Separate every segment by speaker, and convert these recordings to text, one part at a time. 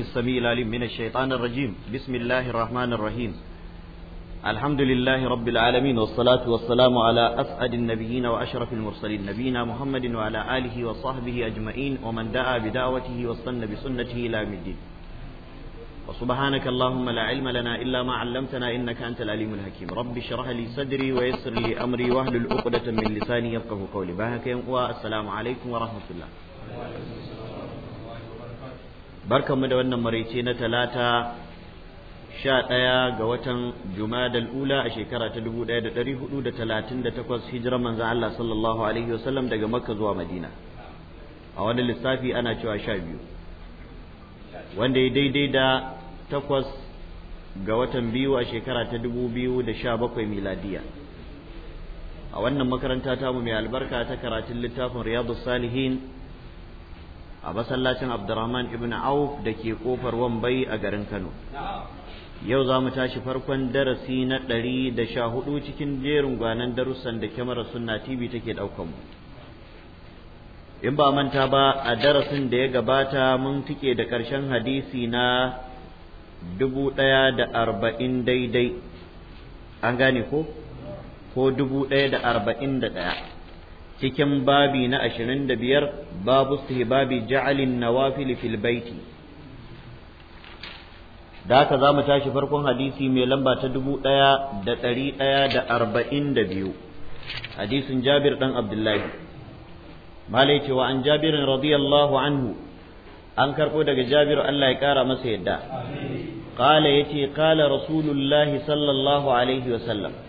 Speaker 1: السميع العليم من الشيطان الرجيم بسم الله الرحمن الرحيم الحمد لله رب العالمين والصلاة والسلام على أسعد النبيين وأشرف المرسلين نبينا محمد وعلى آله وصحبه أجمعين ومن دعا بدعوته واستنى بسنته إلى يوم الدين وسبحانك اللهم لا علم لنا إلا ما علمتنا إنك أنت العليم الحكيم رب اشرح لي صدري ويسر لي أمري واهل عقدة من لساني يفقه قولي باهك السلام عليكم ورحمة الله barkanmu da wannan maraice na talata sha ɗaya ga watan jumadal ula a shekara ta dubu ɗaya da ɗari hudu da talatin da takwas hijirar manzan Allah sallallahu alaihi wasallam daga makka zuwa madina a wani lissafi ana cewa sha biyu wanda ya daidai da takwas ga watan biyu a shekara ta dubu biyu da sha bakwai miladiya a wannan makaranta tamu mai albarka ta karatun littafin riyadu salihin a masallacin Abdurrahman ibn Auf da ke kofar Wambai a garin Kano. Yau za mu tashi farkon darasi na ɗari da sha hudu cikin jerin gwanan darussan da kyamarar sunna TV take ɗaukan mu. In ba manta ba a darasin da ya gabata mun tike da ƙarshen hadisi na dubu ɗaya da arba'in daidai. An gane ko? Ko dubu da ɗaya. cikin babi na ashirin da biyar babu babi ja'alin nawafil fil baiti da haka za mu tashi farkon hadisi mai lamba ta dubu ɗaya da ɗari ɗaya da arba'in da biyu hadisin jabir ɗan abdullahi malai cewa an jabirin radiyallahu anhu an karɓo daga jabir allah ya ƙara masa yadda ƙala ya ce ƙala rasulullahi sallallahu alaihi wasallam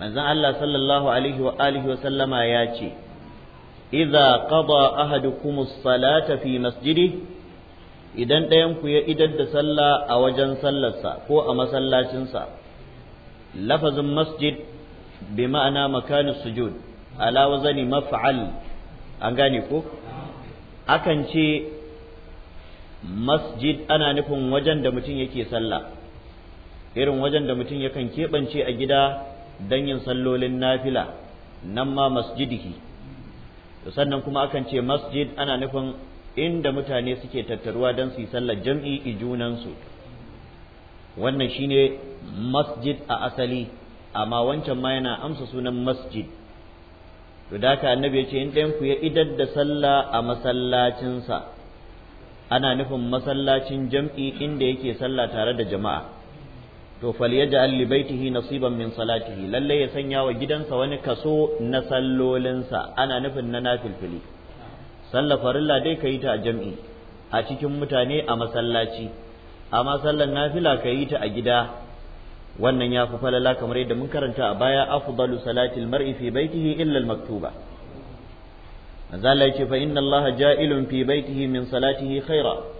Speaker 1: manzon Allah sallallahu alaihi wa alihi wa sallama ya ce idza qada ahadukum as-salata fi masjidi idan ɗayan ku ya idar da sallah a wajen sallarsa ko a masallacinsa lafazin masjid bi ma'ana makanu sujud ala wazani maf'al an gane ko akan ce masjid ana nufin wajen da mutum yake sallah irin wajen da mutum yakan keɓance a gida don yin sallolin nafila nan ma masjidihi sannan kuma akan ce masjid ana nufin inda mutane suke tattaruwa don su yi sallar jam'i i junansu wannan shine masjid a asali amma wancan ma yana amsa sunan masjid to da haka annabi ya ce in ɗayan ku ya idar da sallah a masallacinsa ana nufin masallacin jam'i inda yake sallah tare da jama'a to falyaj'al li baitihi nasiban min salatihi lalle ya sanya wa gidansa wani kaso na sallolinsa ana nufin na nafilfili sallar farilla dai kayi ta a jam'i a cikin mutane a masallaci amma sallar nafila kayi ta a gida wannan ya fi falala kamar yadda mun karanta a baya afdalu salatil mar'i fi baitihi illa al-maktuba manzo Allah ya ce fa inna Allah ja'ilun fi baitihi min salatihi khaira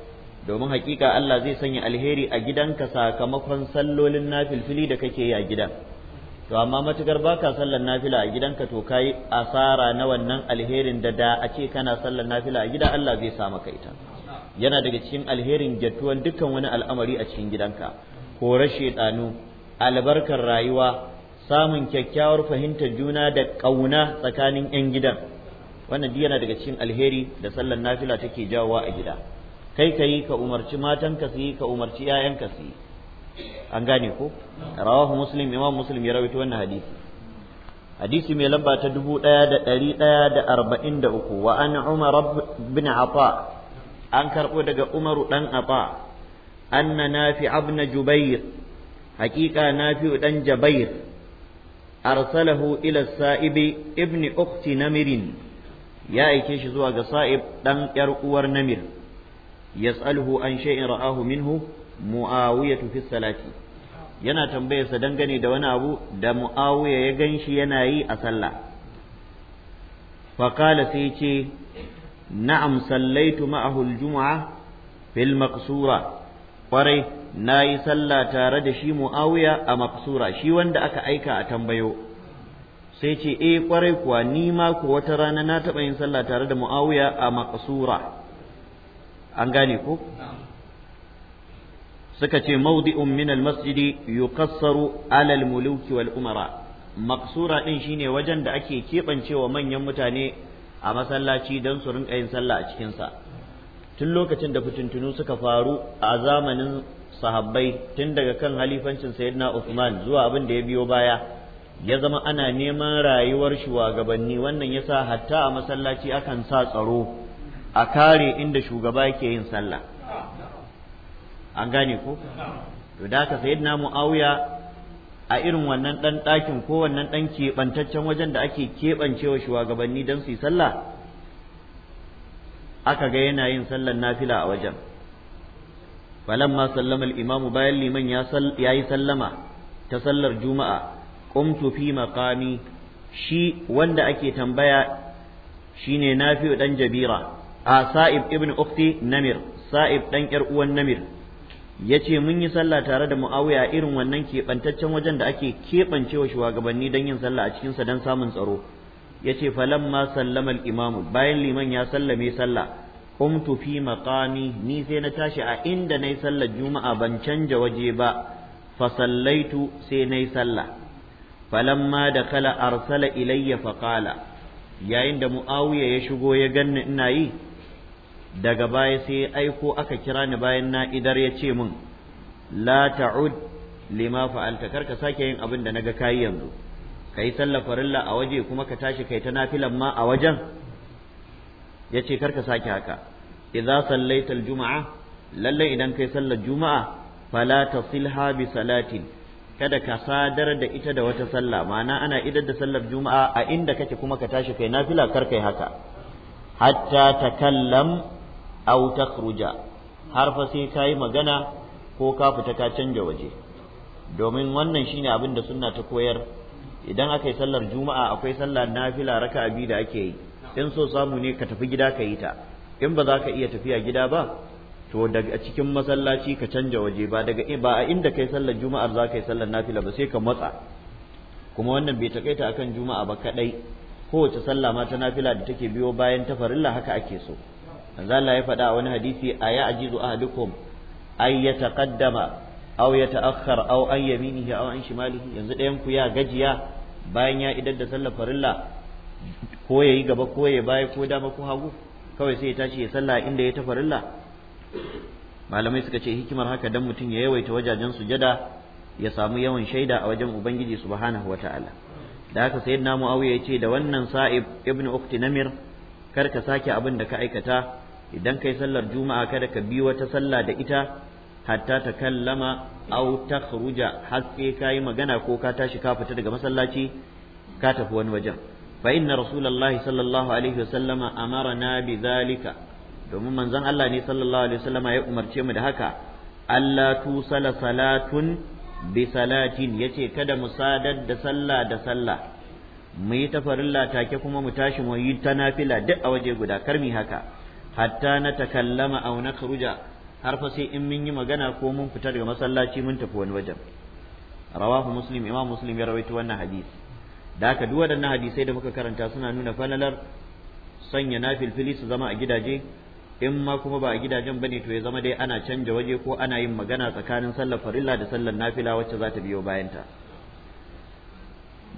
Speaker 1: domin hakika Allah zai sanya alheri a gidanka sakamakon sallolin nafilfili da kake yi a gidan to amma matukar baka sallar nafila a gidanka to kai asara na wannan alherin da da a ce kana sallar nafila a gida Allah zai samu kai ita yana daga cikin alherin gyattuwan dukkan wani al'amari a cikin gidanka korar shedanu albarkar rayuwa samun kyakkyawar fahimtar juna da ƙauna tsakanin 'yan gidan wannan yana daga cikin alheri da sallar nafila take jawowa a gida kai ka yi ka umarci matanka su yi ka umarci 'ya'yanka su yi an gane ko rawahu muslim imam muslim ya rawaito wannan hadisi hadisi mai lamba ta dubu ɗaya da ɗari ɗaya da arba'in da uku wa an umar bin afa an karɓo daga umaru ɗan afa anna nafi abna jubair haƙiƙa nafi ɗan jabair
Speaker 2: arsalahu
Speaker 1: ila sa'ibi ibni ukti namirin ya aike shi zuwa ga sa'ib ɗan ƴar uwar namir yas'aluhu an shay'in ra'ahu minhu mu'awiyatu fi salati yana tambayarsa dangane da wani abu da mu'awiya ya ganshi yana yi a sallah faqala sai ce na'am sallaitu ma'ahu al-jum'a fil maqsura kwarai na yi sallah tare da shi mu'awiya a maksura shi wanda aka aika a tambayo sai ce e kwarai kuwa ni ma ku wata rana na taɓa yin sallah tare da mu'awiya a maksura an gane ko suka ce mawdi'un min al-masjidi yuqassaru ala al-muluki wal umara maqsura din shine wajen da ake kebancewa manyan mutane a masallaci don su rinka yin sallah a cikin sa tun lokacin da fitintunu suka faru a zamanin sahabbai tun daga kan halifancin sayyidina Uthman zuwa abin da ya biyo baya ya zama ana neman rayuwar shugabanni wannan yasa hatta a masallaci akan sa tsaro a kare inda shugaba yake yin sallah an gane ko to da haka sayyidina muawiya a irin wannan dan dakin ko wannan dan keɓantaccen wajen da ake keɓancewa shugabanni don su yi sallah aka ga yana yin sallar nafila a wajen falamma sallama al-imam bayan liman ya yi sallama ta sallar juma'a qumtu fi maqami shi wanda ake tambaya shine nafi'u dan jabira a sa'ib ibn ukti namir sa'ib dan yar uwan namir yace mun yi sallah tare da muawiya irin wannan keɓantaccen wajen da ake keɓancewa shugabanni dan yin sallah a cikinsa don samun tsaro yace falamma sallama al-imam bayan liman ya sallame sallah qumtu fi maqami ni sai na tashi a inda nayi sallar juma'a ban canja waje ba fa sallaitu sai nayi sallah falamma dakala arsala ilayya fa qala yayin da muawiya ya shigo ya ganni ina yi daga baya sai aiko aka kira ni bayan na idar ya ce min la ta'ud lima fa'alta karka sake yin abin da naga kayi yanzu kai sallar farilla a waje kuma ka tashi kai ta nafilan ma a wajen yace karka sake haka idza sallaita aljuma'a lalle idan kai sallar juma'a fala tasilha bi salatin kada ka sadar da ita da wata sallah ma'ana ana idar da sallar juma'a a inda kake kuma ka tashi kai nafila kar yi haka hatta takallam aw takhruja har fa sai kai magana ko ka fita ka canja waje domin wannan shine abin da sunna ta koyar idan akai sallar juma'a akwai sallar nafila raka'a biyu da ake yi in so samu ne ka tafi gida ka yi ta in ba za ka iya tafiya gida ba to daga cikin masallaci ka canja waje ba daga ba a inda kai sallar juma'ar za ka yi sallar nafila ba sai ka matsa kuma wannan bai takaita akan juma'a ba kadai kowace sallah ma ta nafila da take biyo bayan ta farilla haka ake so manzo Allah ya faɗa wani hadisi a ya ajizu ahadukum ay yataqaddama aw yata'akhkhar aw an yaminihi aw an shimalihi yanzu ɗayan ku ya gajiya bayan ya idar da sallar farilla ko yayi gaba ko ya baya ko dama ko hagu kawai sai ya tashi ya sallah inda ya ta farilla malamai suka ce hikimar haka dan mutum ya yawaita wajajen sujada ya samu yawan shaida a wajen ubangiji subhanahu wataala da haka sayyidina muawiya ya ce da wannan sa'ib ibnu ukti namir kar ka sake abin da ka aikata idan kai sallar juma'a kada ka bi wata sallah da ita hatta ta kallama aw takhruja har sai yi magana ko ka tashi ka fita daga masallaci ka tafi wani wajen fa inna rasulullahi sallallahu alaihi wasallama amarna bi zalika domin manzon Allah ne sallallahu alaihi wasallama ya umarce mu da haka Allah tusala salatun bi salatin yace kada mu sadar da sallah da sallah mu yi tafarilla take kuma mu tashi mu yi ta nafila duk a waje guda karmi haka hatta na takallama aw nakhruja har fa sai in mun yi magana ko mun fita daga masallaci mun tafi wani wajen rawahu muslim imam muslim ya rawaito wannan hadisi da haka duk waɗannan hadisai da muka karanta suna nuna falalar sanya nafilfili su zama a gidaje in ma kuma ba a gidajen bane to ya zama dai ana canja waje ko ana yin magana tsakanin sallar farilla da sallar nafila wacce za ta biyo bayanta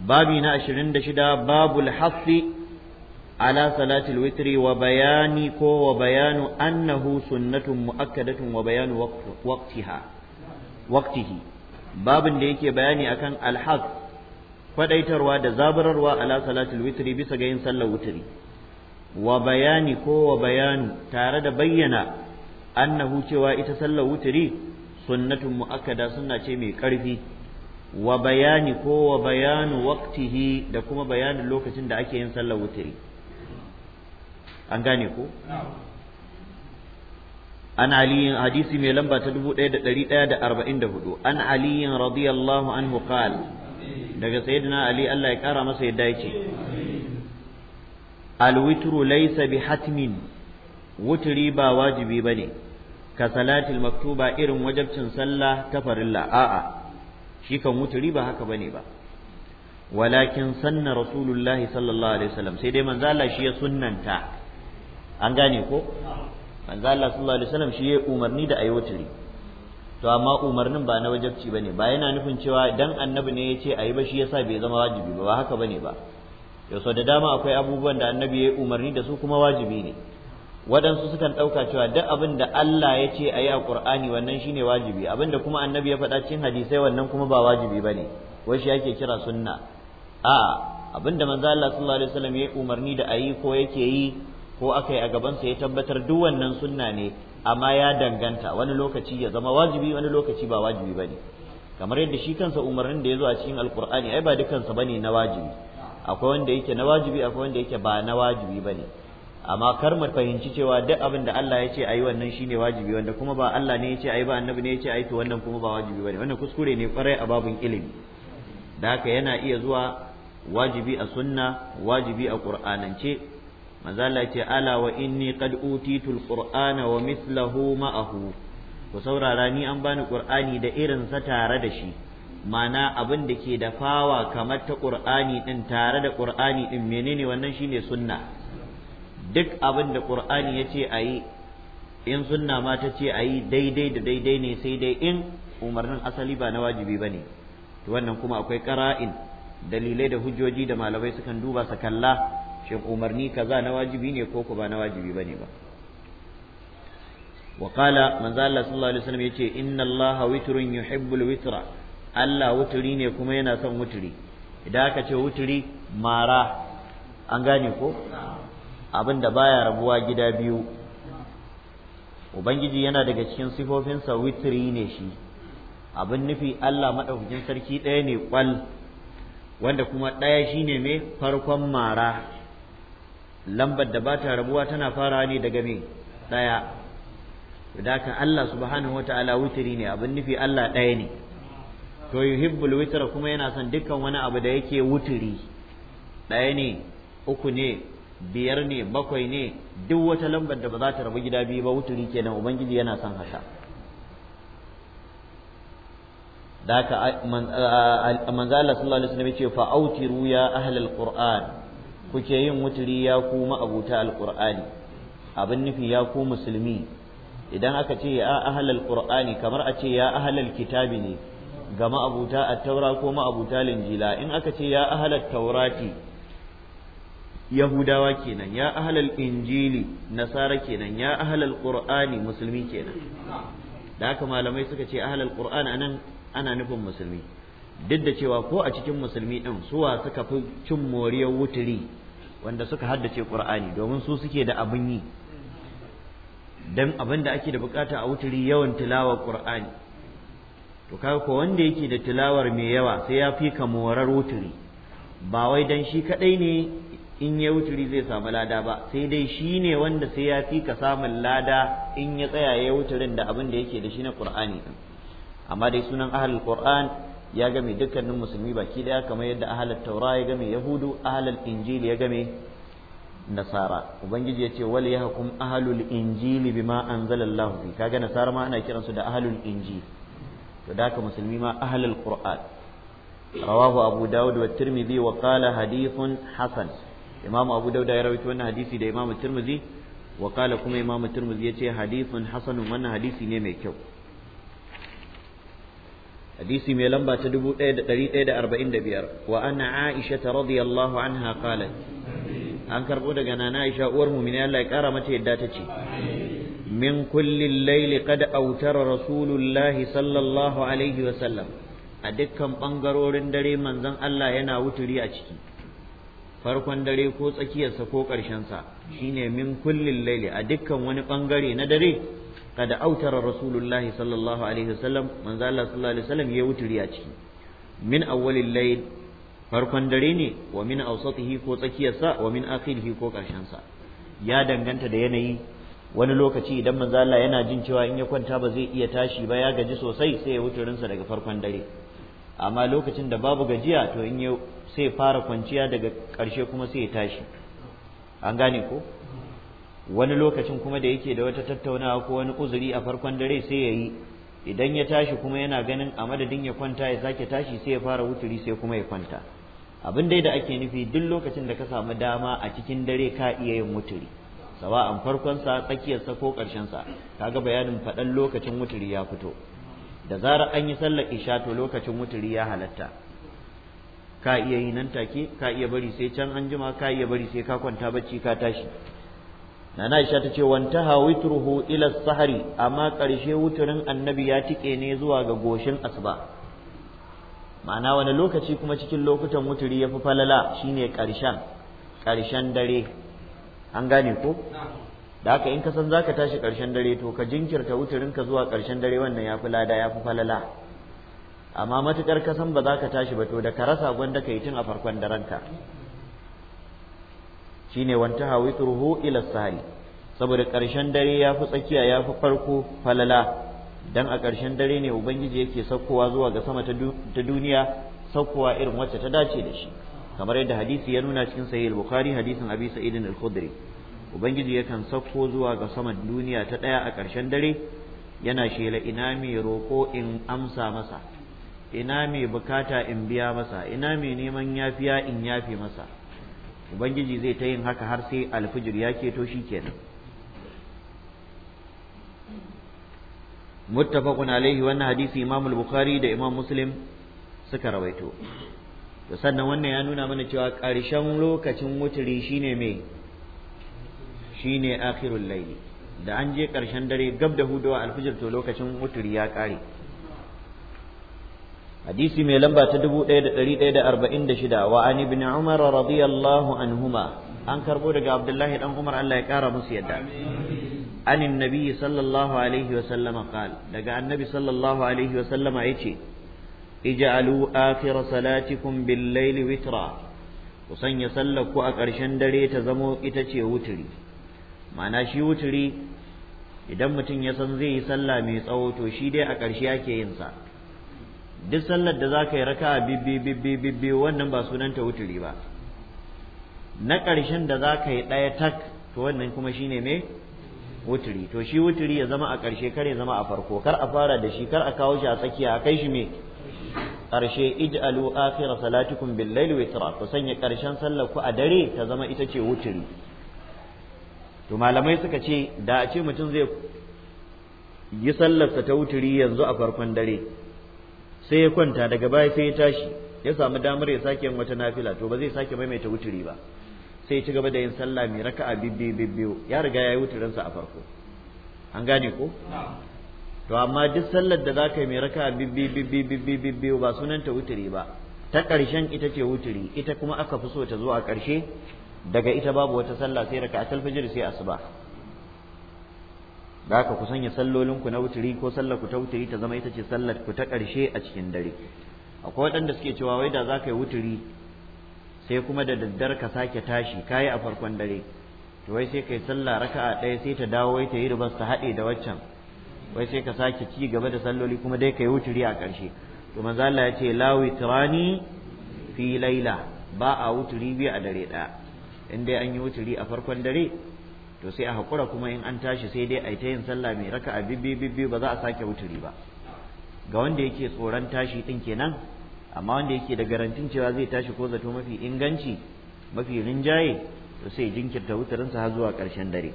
Speaker 1: babi na 26 babul hassi ala salatil witri wa bayani ko wa annahu sunnatun mu'akkadatun wa bayanu waqtiha babin da yake bayani akan alhaq faɗaitarwa da zaburarwa ala salatil witri bisa ga yin sallar witri wa bayani ko wa tare da bayyana annahu cewa ita sallar witri sunnatun mu'akkada sunna ce mai karfi wa bayani ko wa bayanu da kuma bayanin lokacin da ake yin sallar wutiri an gane ko an aliyin hadisi mai lamba ta hudu an aliyin radiyallahu anhu ka daga sayyidina ali Allah ya kara masa yadda yake alwitru bi bihatmin wutri ba wajibi bane ka salatil maktuba irin wajabcin sallah ta farilla a'a shi kan ba haka bane ba walakin sanna rasulullahi sallallahu alaihi wasallam sai dai manzo shi ya sunnanta an gane ko manzo Allah sallallahu alaihi wasallam shi ya umarni da ayi to amma umarnin ba na wajabci bane ba yana nufin cewa dan annabi ne yace ayi ba shi yasa bai zama wajibi ba ba haka bane ba yau da dama akwai abubuwan da annabi ya umarni da su kuma wajibi ne waɗansu sukan ɗauka cewa duk abin da Allah ya ce a yi a ƙur'ani wannan shine wajibi abin da kuma annabi ya faɗa cikin hadisai wannan kuma ba wajibi ba ne wai shi ake kira sunna a abinda da manzo Allah sallallahu alaihi wasallam ya umarni da ayi ko yake yi ko aka yi a gabansa ya tabbatar duk wannan sunna ne amma ya danganta wani lokaci ya zama wajibi wani lokaci ba wajibi bane kamar yadda shi kansa umarnin da ya zo a cikin alkur'ani ai ba dukansa bane na wajibi akwai wanda yake na wajibi akwai wanda yake ba na wajibi bane amma kar mu fahimci cewa duk abin da Allah ya ce ayi wannan shine wajibi wanda kuma ba Allah ne ya ce ayi ba annabi ne ya ce ayi to wannan kuma ba wajibi bane wannan kuskure ne kwarai a babun ilimi da haka yana iya zuwa wajibi a sunna wajibi a qur'anance manzala ce ala wa inni qad utitul qur'ana wa mithlahu ma'ahu ku saurara ni an bani qur'ani da irin sa tare da shi mana abin da ke da fawa kamar ta qur'ani din tare da qur'ani din menene wannan shine sunna duk abin da qur'ani yace ayi in sunna ma ta ce ayi daidai da daidai ne sai dai in umarnin asali ba na wajibi bane to wannan kuma akwai qara'in dalilai da hujjoji da malamai sukan duba su kalla shin umarni kaza na wajibi ne ko ba na wajibi bane ba wa qala manzo Allah sallallahu alaihi wasallam yace inna Allah witrun yuhibbul witra Allah wuturi ne kuma yana son wuturi idan aka ce wuturi mara an gane ko Abinda baya rabuwa gida biyu ubangiji yana daga cikin sifofinsa witri ne shi abin nufi Allah madaukakin sarki ɗaya ne kwal wanda kuma ɗaya shine mai farkon mara lambar da ba ta rabuwa tana farawa ne daga me ɗaya ka Allah subhanahu wa ta'ala wutiri ne abin nufi Allah ɗaya ne to yuhibbul witra kuma yana son dukkan wani abu da yake wutiri ɗaya ne uku ne biyar ne bakwai ne duk wata lambar da ba za ta rabu gida biyu ba wuturi kenan ubangiji yana son haka da haka manzo sallallahu alaihi wasallam ya ce fa autiru ya ahlal qur'an kuke yin wuturi ya ku ma'abuta Alƙur'ani, abin nufi ya ku musulmi idan aka ce ya ahlal qur'ani kamar a ce ya ahlal kitabi ne ga ma'abuta at-taura ko ma'abuta linjila in aka ce ya ahlat taurati yahudawa kenan ya ahlal injili nasara kenan ya ahlal ƙur'ani musulmi kenan da haka malamai suka ce ahlal ƙur'ani anan ana nufin musulmi duk da cewa ko a cikin musulmi ɗin suwa suka fi cin moriyar wuturi wanda suka haddace ƙur'ani domin su suke da abin yi don abin da ake da bukata a wuturi yawan tilawar ƙur'ani to kaga ko wanda yake da tilawar mai yawa sai ya fi ka morar wuturi ba wai dan shi kaɗai ne in ya wuturi zai samu lada ba sai dai shi ne wanda sai ya fi ka samun lada in ya tsaya ya wuturin da abin da yake da shi na ƙur'ani amma dai sunan ahlul qur'an ya game dukkanin musulmi baki daya kamar yadda ahalar taura ya game yahudu ahalar injil ya game nasara ubangiji ya ce wal yahkum ahlul injil bima anzalallahu fi kaga nasara ma ana kiransu da ahlul injil to da haka musulmi ma ahlul qur'an rawahu abu dawud wa tirmidhi wa qala hadithun hasan imam abu dawud ya rawaito wannan hadisi da imam tirmidhi wa qala kuma imam tirmidhi ce hadithun hasanun wannan hadisi ne mai kyau hadisi mai lamba ta dubu da da arba'in 1145 wa anna aisha ta radiyallahu anha qalat an karɓo daga nana aisha uwar mu Allah ya kara mata yadda ta ce min kulli layl qad awtara rasulullahi sallallahu alaihi wa sallam a dukkan bangarorin dare manzon Allah yana wuturi a ciki farkon dare ko tsakiyarsa ko ƙarshensa shine min kullin laili a dukkan wani bangare na dare kada autara rasulullahi sallallahu alaihi wasallam manzo Allah sallallahu alaihi wasallam ya wuturi a ciki min awwalil layl farkon dare ne wa min awsatihi ko tsakiyarsa wa min akhirihi ko karshen sa ya danganta da yanayi wani lokaci idan manzo Allah yana jin cewa in ya kwanta ba zai iya tashi ba ya gaji sosai sai ya wuturinsa daga farkon dare amma lokacin da babu gajiya to in ya sai fara kwanciya daga karshe kuma sai ya tashi an gane ko wani lokacin kuma da yake da wata tattaunawa ko wani uzuri a farkon dare sai ya yi idan ya tashi kuma yana ganin a madadin ya kwanta ya sake tashi sai ya fara wuturi sai kuma ya kwanta abin dai da ake nufi duk lokacin da ka samu dama a cikin dare ka iya yin wuturi sa, farkonsa tsakiyarsa ko ƙarshensa kaga bayanin faɗan lokacin wuturi ya fito da zarar an yi sallar isha to lokacin wuturi ya halatta ka iya yi nan take ka iya bari sai can an jima ka iya bari sai ka kwanta bacci ka tashi nana Aisha ta ce wantaha witruhu ila sahari amma ƙarshe wuturin annabi ya tike ne zuwa ga goshin asuba ma'ana wani lokaci kuma cikin lokutan wuturi ya fi falala shine ƙarshen ƙarshen dare an gane ko da haka in ka san zaka tashi ƙarshen dare to ka jinkirta wuturin ka zuwa ƙarshen dare wannan ya fi lada ya fi falala amma matukar ka san ba za ka tashi ba to da ka rasa gwanda ka yi tun a farkon daren ka Shi ne wanta hawi hawitruhu ila sahari saboda ƙarshen dare ya fi tsakiya ya fi farko falala dan a ƙarshen dare ne ubangiji yake saukowa zuwa ga sama ta duniya saukowa irin wacce ta dace da shi kamar yadda hadisi ya nuna cikin sahih bukhari hadisin abi sa'id al-khudri ubangiji yakan sauko zuwa ga sama duniya ta ɗaya a ƙarshen dare yana shela ina mai roko in amsa masa ina mai bukata in biya masa ina mai neman yafiya in yafe masa ubangiji zai ta yin haka har sai alfijir ya keto shi kenan muttafaqun alaihi wannan hadisi imam al-bukhari da imam muslim suka rawaito to sannan wannan ya nuna mana cewa ƙarshen lokacin wuturi shine me shine akhirul layli da an je ƙarshen dare gab da hudowa alfijir to lokacin wuturi ya ƙare hadisi mai lamba ta 1146 wa an ibn umar radiyallahu anhuma an karbo daga abdullahi dan umar Allah ya kara musu yadda an annabi sallallahu alaihi wa sallama qala daga annabi sallallahu alaihi wa sallama yace ij'alu akhir salatikum bil layli witra ku sanya sallar a ƙarshen dare ta zamo ita ce wuturi ma'ana shi wuturi idan mutum ya san zai yi sallah mai tsawo to shi dai a ƙarshe ake yin sa duk sallar da za ka yi raka a bibbi bibbi wannan ba sunanta wuturi ba na ƙarshen da za ka yi ɗaya tak to wannan kuma ne me wuturi to shi wuturi ya zama a ƙarshe kar ya zama a farko kar a fara da shi kar a kawo shi a tsakiya a kai shi me ƙarshe ij'alu akhira salatikum bil layli witra ku sanya ƙarshen sallar ku a dare ta zama ita ce wuturi to malamai suka ce da a ce mutum zai yi sallarsa ta wuturi yanzu a farkon dare sai ya kwanta daga baya sai ya tashi ya samu damar ya sake yin wata nafila to ba zai sake maimaita wuturi ba sai ci gaba da yin sallah mai raka'a bibbiyu bibbiyu ya riga ya yi wuturinsa a farko an gane ko to amma duk sallar da zaka yi mai raka'a bibbiyu bibbiyu bibbiyu ba sunanta wuturi ba ta ƙarshen ita ce wuturi ita kuma aka fi so ta zo a ƙarshe daga ita babu wata sallah sai raka'a talfajir sai asuba da haka ku sanya sallolinku na wuturi ko sallar ku ta wuturi ta zama ita ce sallar ku ta ƙarshe a cikin dare akwai waɗanda suke cewa wai da za ka yi wuturi sai kuma da daddare ka sake tashi ka yi a farkon dare to wai sai ka yi sallah raka'a ɗaya sai ta dawo wai ta yi ribas ta haɗe da waccan wai sai ka sake ci gaba da salloli kuma dai ka yi wuturi a ƙarshe to manzo Allah ya ce la witrani fi laila ba a wuturi biyu a dare ɗaya in dai an yi wuturi a farkon dare to sai a hakura kuma in an tashi sai dai a yi ta yin sallah mai raka a bibbi bibbi ba za a sake wuturi ba ga wanda yake tsoron tashi din kenan amma wanda yake da garantin cewa zai tashi ko zato mafi inganci mafi rinjaye to sai jinkirta wuturinsa har zuwa ƙarshen dare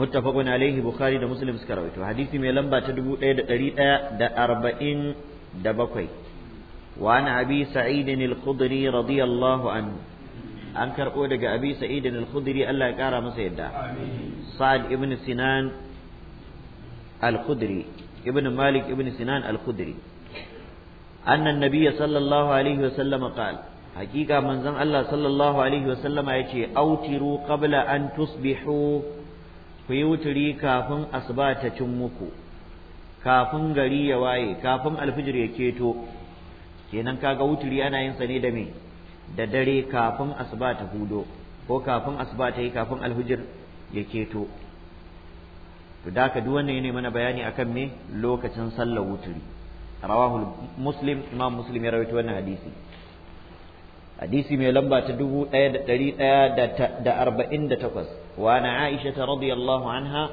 Speaker 1: muttafaqun alaihi bukhari da muslim suka rawaito hadisi mai lamba ta dubu da da arba'in 1147 wa an abi sa'id al-khudri radiyallahu anhu an karɓo daga abi sa'id al-khudri Allah ya ƙara masa yadda sa'ad ibn sinan al-khudri ibn malik ibn sinan al-khudri anna an-nabiy sallallahu alaihi wa sallam qala haqiqa manzon Allah sallallahu alaihi wa sallama ce autiru qabla an tusbihu ku yi wuturi kafin asuba ta cin muku kafin gari ya waye kafin alfijir ya keto kenan kaga wuturi ana yin sa ne da me da dare kafin asuba ta hudo ko kafin asuba ta yi kafin alhujir ya keto to da ka duwanne ne mana bayani akan me lokacin sallar wuturi rawahul muslim imam muslim ya rawaito wannan hadisi hadisi mai lamba ta dubu ɗaya da ɗari ɗaya da arba'in da takwas wa na aisha ta radiyallahu anha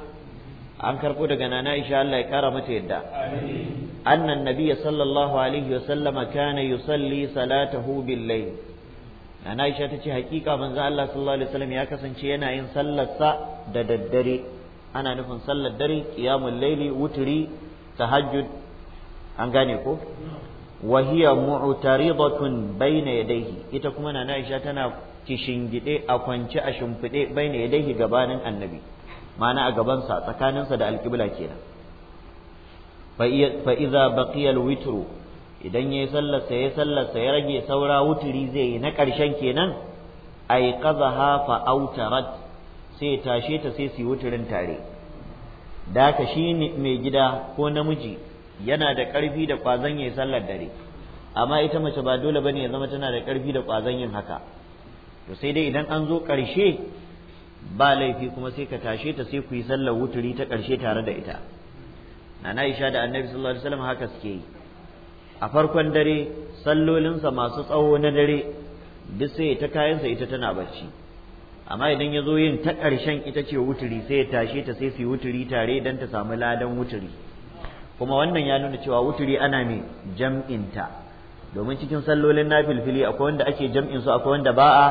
Speaker 1: an karɓo daga nana aisha Allah ya ƙara mata yadda annan nabiyya sallallahu alaihi wa sallama kana yusalli salatahu billayl nana Aisha ta ce hakika manzo Allah sallallahu alaihi wasallam ya kasance yana yin sallarsa da daddare ana nufin sallar dare qiyamul laili wuturi tahajjud an gane ko wa hiya mu'taridatun bayna yadayhi ita kuma nana Aisha tana kishingide a kwance a shimfide bayna yadayhi gabanin annabi ma'ana a gabansa tsakaninsa da alƙibla kenan
Speaker 2: fa iza baqiya al-witru idan yayi sallar sa yayi sallar ya rage saura wuturi zai yi na ƙarshen kenan
Speaker 1: ay qazaha fa autarat sai tashe ta sai su yi wuturin tare da haka shi mai gida ko namiji yana da ƙarfi da ƙwazon yayi sallar dare amma ita mace ba dole bane ya zama tana da ƙarfi da ƙwazon yin haka to sai dai idan an zo ƙarshe ba laifi kuma sai ka tashe ta sai ku yi sallar wuturi ta ƙarshe tare da ita na Aisha da Annabi sallallahu alaihi wasallam haka suke yi a farkon dare sallolinsa masu tsawo na dare duk sai ta kayansa ita tana bacci amma idan ya zo yin ta ƙarshen ita ce wuturi sai ya tashe ta sai su yi wuturi tare don ta samu ladan wuturi kuma wannan ya nuna cewa wuturi ana ne jam'inta domin cikin sallolin na filfili akwai wanda ake jam'insu akwai wanda ba a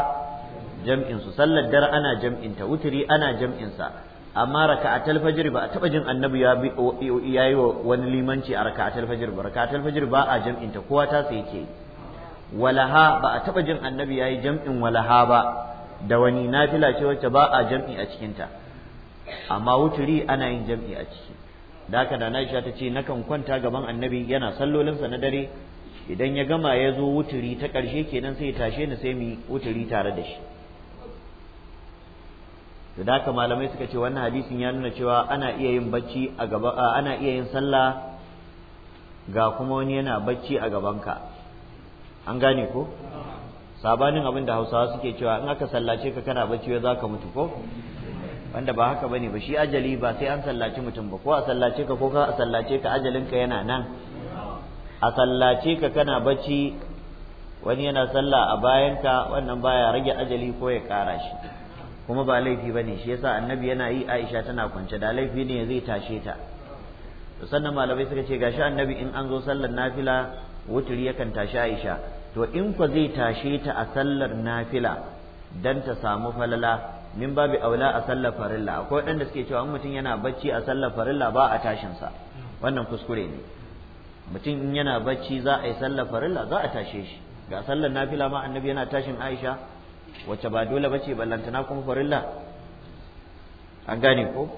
Speaker 1: jam'insu sallar dare ana jam'inta wuturi ana jam'insa amma raka'atul fajr ba a taba jin annabi ya yayi wani limanci a raka'atul fajr ba raka'atul fajr ba a jam'in ta kowa ta sai ke walaha ba a taba jin annabi yayi jam'in walaha ba da wani nafila ce wacce ba a jam'i a cikinta amma wuturi ana yin jam'i a ciki da haka da Aisha ta ce nakan kwanta gaban annabi yana sallolin sa na dare idan ya gama ya zo wuturi ta ƙarshe kenan sai ya tashe ni sai mu wuturi tare da shi to da haka malamai suka ce wannan hadisin ya nuna cewa ana iya yin bacci a gaba ana iya yin sallah ga kuma wani yana bacci a gabanka an gane ko sabanin abin da Hausawa suke cewa in aka sallace ka kana bacci wai zaka mutu ko wanda ba haka bane ba shi ajali ba sai an sallaci mutum ba ko a sallace ka ko ka a sallace ka ajalin ka yana nan a sallace ka kana bacci wani yana sallah a bayanka wannan baya rage ajali ko ya kara shi kuma ba laifi bane shi yasa annabi yana yi Aisha tana kwance da laifi ne zai tashe ta to sannan malamai suka ce gashi annabi in an zo sallar nafila wuturi yakan tashi Aisha to in kwa zai tashe ta a sallar nafila dan ta samu falala min babu aula a sallar farilla akwai waɗanda suke cewa mutum yana bacci a sallar farilla ba a tashinsa wannan kuskure ne mutum in yana bacci za a yi sallar farilla za a tashe shi ga sallar nafila ma annabi yana tashin aisha wacce ba dole bace ballantana kuma farilla an gane ko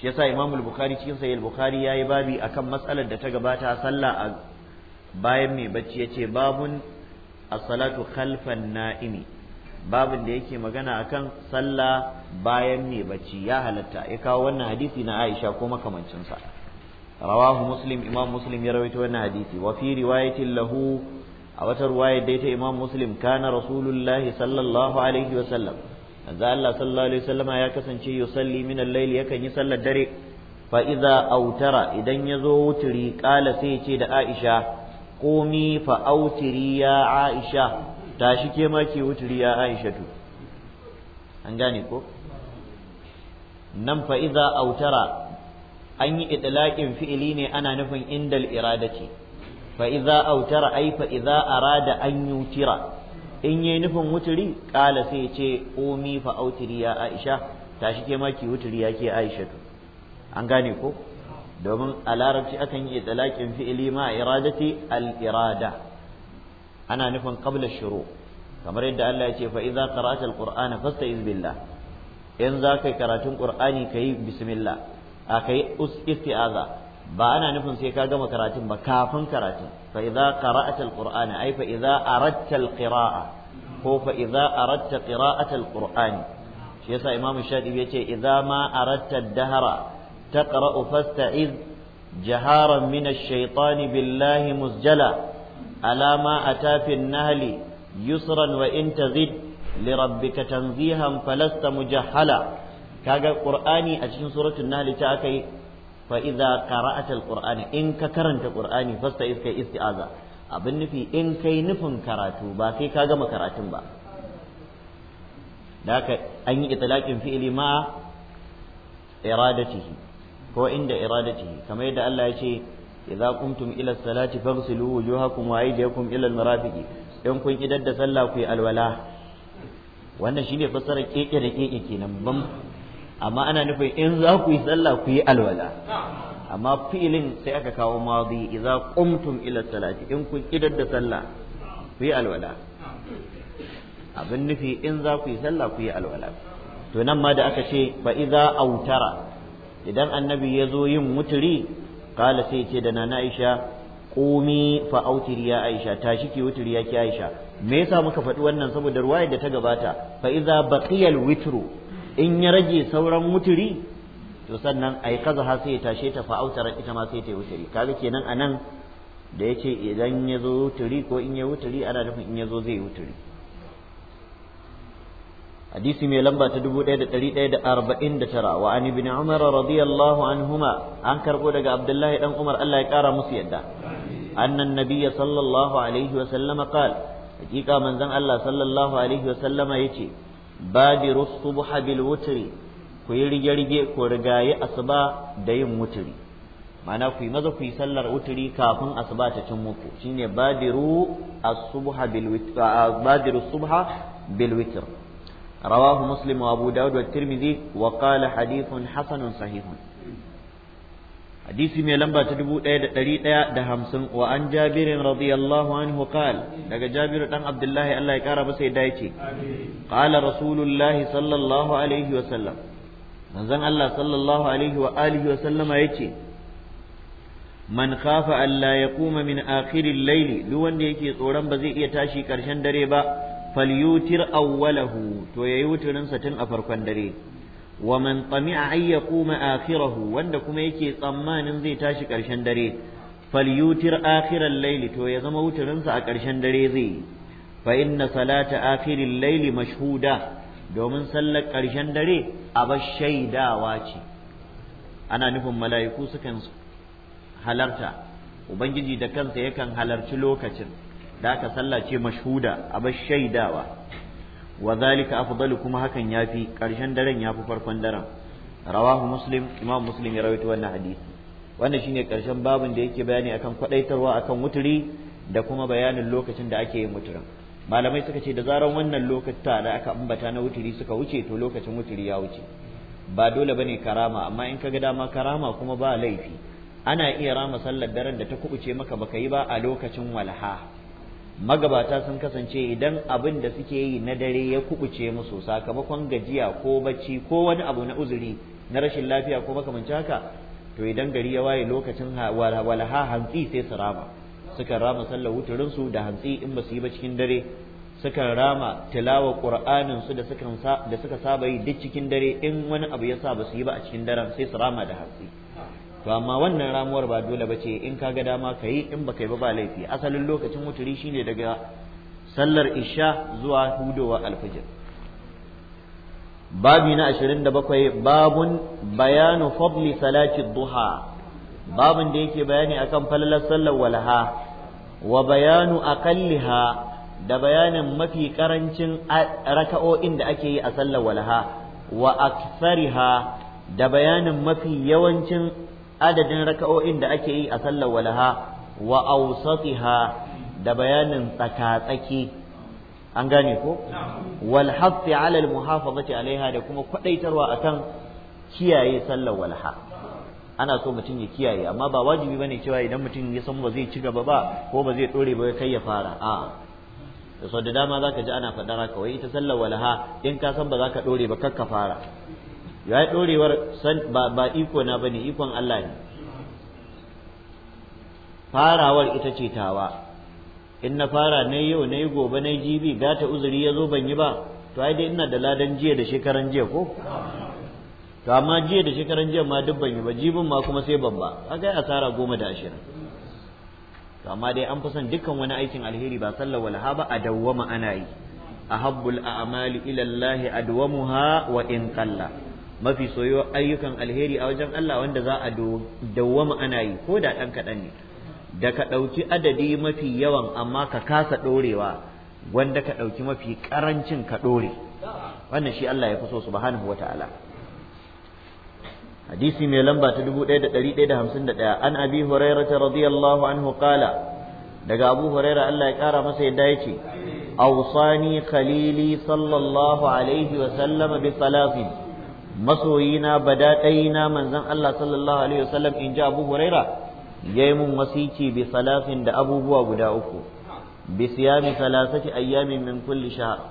Speaker 2: shi yasa Imam al-Bukhari cikin sahih al-Bukhari yayi babi akan matsalar da ta gabata sallah a
Speaker 1: bayan mai bacci yace babun as-salatu khalfan na'imi babin da yake magana akan sallah bayan mai bacci ya halatta ya kawo wannan hadisi na Aisha ko makamancinsa? rawahu muslim imam muslim ya rawaito wannan hadisi wa fi riwayatin lahu a wata ruwaya dai ta Imam Muslim kana Rasulullahi sallallahu alaihi wa sallam manzo Allah sallallahu alaihi wasallama ya kasance yusalli min al-layl yakan yi sallar dare fa idza autara idan yazo wuturi kala sai ce da Aisha komi fa autiri ya Aisha tashi ke ma ke wuturi ya Aisha to an gane ko nan fa idza autara an yi idlaqin fili ne ana nufin indal iradati fa'iza idza autara ay fa'iza idza arada an yutira in yayi nufin wuturi kala sai ce umi fa ya aisha tashi ke maki wuturi ya ke aisha an gane ko domin a larabci akan yi dalakin fi'ili ma iradati al irada ana nufin qabla shuru kamar yadda Allah ya fa'iza fa idza qara'ta al qur'ana fasta'iz billah in za kai karatun qur'ani kai bismillah a kai isti'aza ba ana nufin sai ka gama karatun ba kafin karatun fa idza qara'ata alqur'ana ay fa idza aradta alqira'a ko fa idza aradta qira'ata alqur'ani shi yasa imam shadibi yace idza ma aradta ad-dahra taqra'u fasta'iz
Speaker 2: jaharan min ash-shaytani billahi musjala
Speaker 1: ala ma ata fi an-nahli yusran wa in tazid li rabbika tanzihan falasta mujahhala kaga qur'ani a cikin suratul nahl ta akai fa idza qara'ata in ka karanta qur'ani fasta iska isti'aza abin nufi in kai nufin karatu ba sai ka gama karatun ba da haka an yi itlaqin fi'li ma iradatihi ko inda iradatihi kamar yadda Allah ya ce idza qumtum ila salati faghsilu wujuhakum wa aydiyakum ila almarafiqi in kun idar da sallah ku yi alwala wannan shine fassarar keke da keke kenan amma ana nufin in za ku yi sallah ku yi alwala amma fi'ilin sai aka kawo madi idza qumtum ila salati in kun kidar da sallah ku yi alwala abin nufi in za ku yi sallah ku yi alwala to nan ma da aka ce fa idza autara idan annabi ya zo yin wuturi kala sai ce da nana aisha qumi fa autiri ya aisha tashi ki wuturi ya ki aisha me yasa muka faɗi wannan saboda ruwayar da ta gabata fa idza baqiyal witru in ya rage sauran wuturi to sannan ai kaza ha sai ya tashe ta fa autara ita ma sai ta yi wuturi kaga kenan anan da ya idan ya zo wuturi ko in ya wuturi ana nufin in ya zo zai yi wuturi حديث من لمبة تدبو ديدة تريد ديدة أربعين دترا وعن ابن عمر رضي الله عنهما أنكر قولك عبد الله yadda. عمر ألا يكار مسيدا sallallahu النبي صلى الله عليه وسلم قال حقيقة من زن الله صلى الله عليه وسلم يتي badiru subha bil wutri ku yi rige-rige ku rigaye asuba da yin wutri mana ku yi maza ku yi sallar wutri kafin asuba ta cin muku shine badiru asubha bil wutri badiru subha bil rawahu muslim wa abu daud wa tirmidhi wa qala hadithun hasanun sahihun hadisi mai lamba ta dubu ɗaya da ɗari ɗaya da hamsin wa an jabirin radiyallahu anhu qal daga jabiru dan abdullahi Allah ya kara masa yadda yace qala rasulullahi sallallahu alaihi wa sallam manzon Allah sallallahu alaihi wa alihi wa yace man kafa Allah ya kuma min akhiril layli duk wanda yake tsoron ba zai iya tashi ƙarshen dare ba falyutir awwalahu to yayi wuturin sa tun a farkon dare wa man tami'a ay yaquma akhirahu wanda kuma yake tsammanin zai tashi ƙarshen dare falyutir akhiral layli to ya zama wutarinsa a ƙarshen dare zai fa inna salata akhiril layli mashhuda domin sallar ƙarshen dare abar shaidawa ce ana nufin mala'iku sukan halarta ubangiji da kansa yakan halarci lokacin da aka sallace mashhuda abar shaidawa wa zalika afdalu kuma hakan yafi karshen daren yafi farkon daren rawahu muslim imam muslim ya rawaito wannan hadisi wannan shine karshen babin da yake bayani akan kwadaitarwa akan wuturi da kuma bayanin lokacin da ake yin wuturin malamai suka ce da zaran wannan ta da aka ambata na wuturi suka wuce to lokacin wuturi ya wuce ba dole bane karama amma in kaga dama karama kuma ba laifi ana iya rama sallar daren da ta kubuce maka baka yi ba a lokacin walha magabata sun kasance idan abin da suke yi na dare ya kubuce musu sakamakon gajiya ko bacci ko wani abu na uzuri na rashin lafiya ko makamancin haka to idan gari ya waye lokacin walaha hantsi sai su rama sukan rama sallar wuturin su da hantsi in ba su yi ba cikin dare sukan rama tilawa qur'anin su da da suka saba yi duk cikin dare in wani abu ya sa ba su yi ba a cikin daren sai su rama da hantsi to amma wannan ramuwar ba dole ba ce in ka ga dama ka yi in baka yi ba ba laifi asalin lokacin wuturi shine daga sallar isha zuwa hudowa alfajir babi na 27 babun bayanu fadli salati duha babun da yake bayani akan falalar sallar walha wa bayanu aqalliha da bayanin mafi karancin raka'o'in da ake yi a sallar walha wa aktsariha da bayanin mafi yawancin adadin raka'o'in da ake yi a sallar walaha wa awsatiha da bayanin tsakatsaki. tsaki an gane ko wal hafi ala al muhafazati alaiha da kuma kwadaitarwa akan kiyaye sallar walaha. ana so mutum ya kiyaye amma ba wajibi bane cewa idan mutum ya san ba zai ci gaba ba ko ba zai dore ba kai ya fara a da sau da dama zaka ji ana faɗa haka wai ita sallar walaha in ka san ba zaka dore ba kakka fara ya ɗorewar ba iko na bane ikon Allah ne farawar ita ce tawa in na fara na yau na yi gobe na jibi gata uzuri ya zo ban yi ba to ai dai ina da ladan jiya da shekaran jiya ko to amma jiya da shekaran jiya ma duk ban yi ba jibin ma kuma sai ban ba ga asara goma da ashirin to amma dai an fi son dukkan wani aikin alheri ba sallar walha ba a dawwama ana yi a ahabbul a'mali ila Allah adwamuha wa in qalla mafi soyuwar ayyukan alheri a wajen Allah wanda za a dawwama ana yi ko da ɗan kaɗan ne da ka ɗauki adadi mafi yawan amma ka kasa ɗorewa wanda ka ɗauki mafi ƙarancin ka ɗore wannan shi Allah ya fi so subhanahu wa ta'ala hadisi mai lamba ta ɗaya an abi ta radiyallahu anhu qala daga abu hurairah Allah ya ƙara masa yadda ya ce Khalili, sallallahu alaihi wa عليه وسلم بثلاث masoyina badaɗaina manzon Allah sallallahu alaihi wasallam in ji Abu Huraira yayi mun wasici bi salasin da abubuwa guda uku bi siyami salasati ayyamin min kulli shahr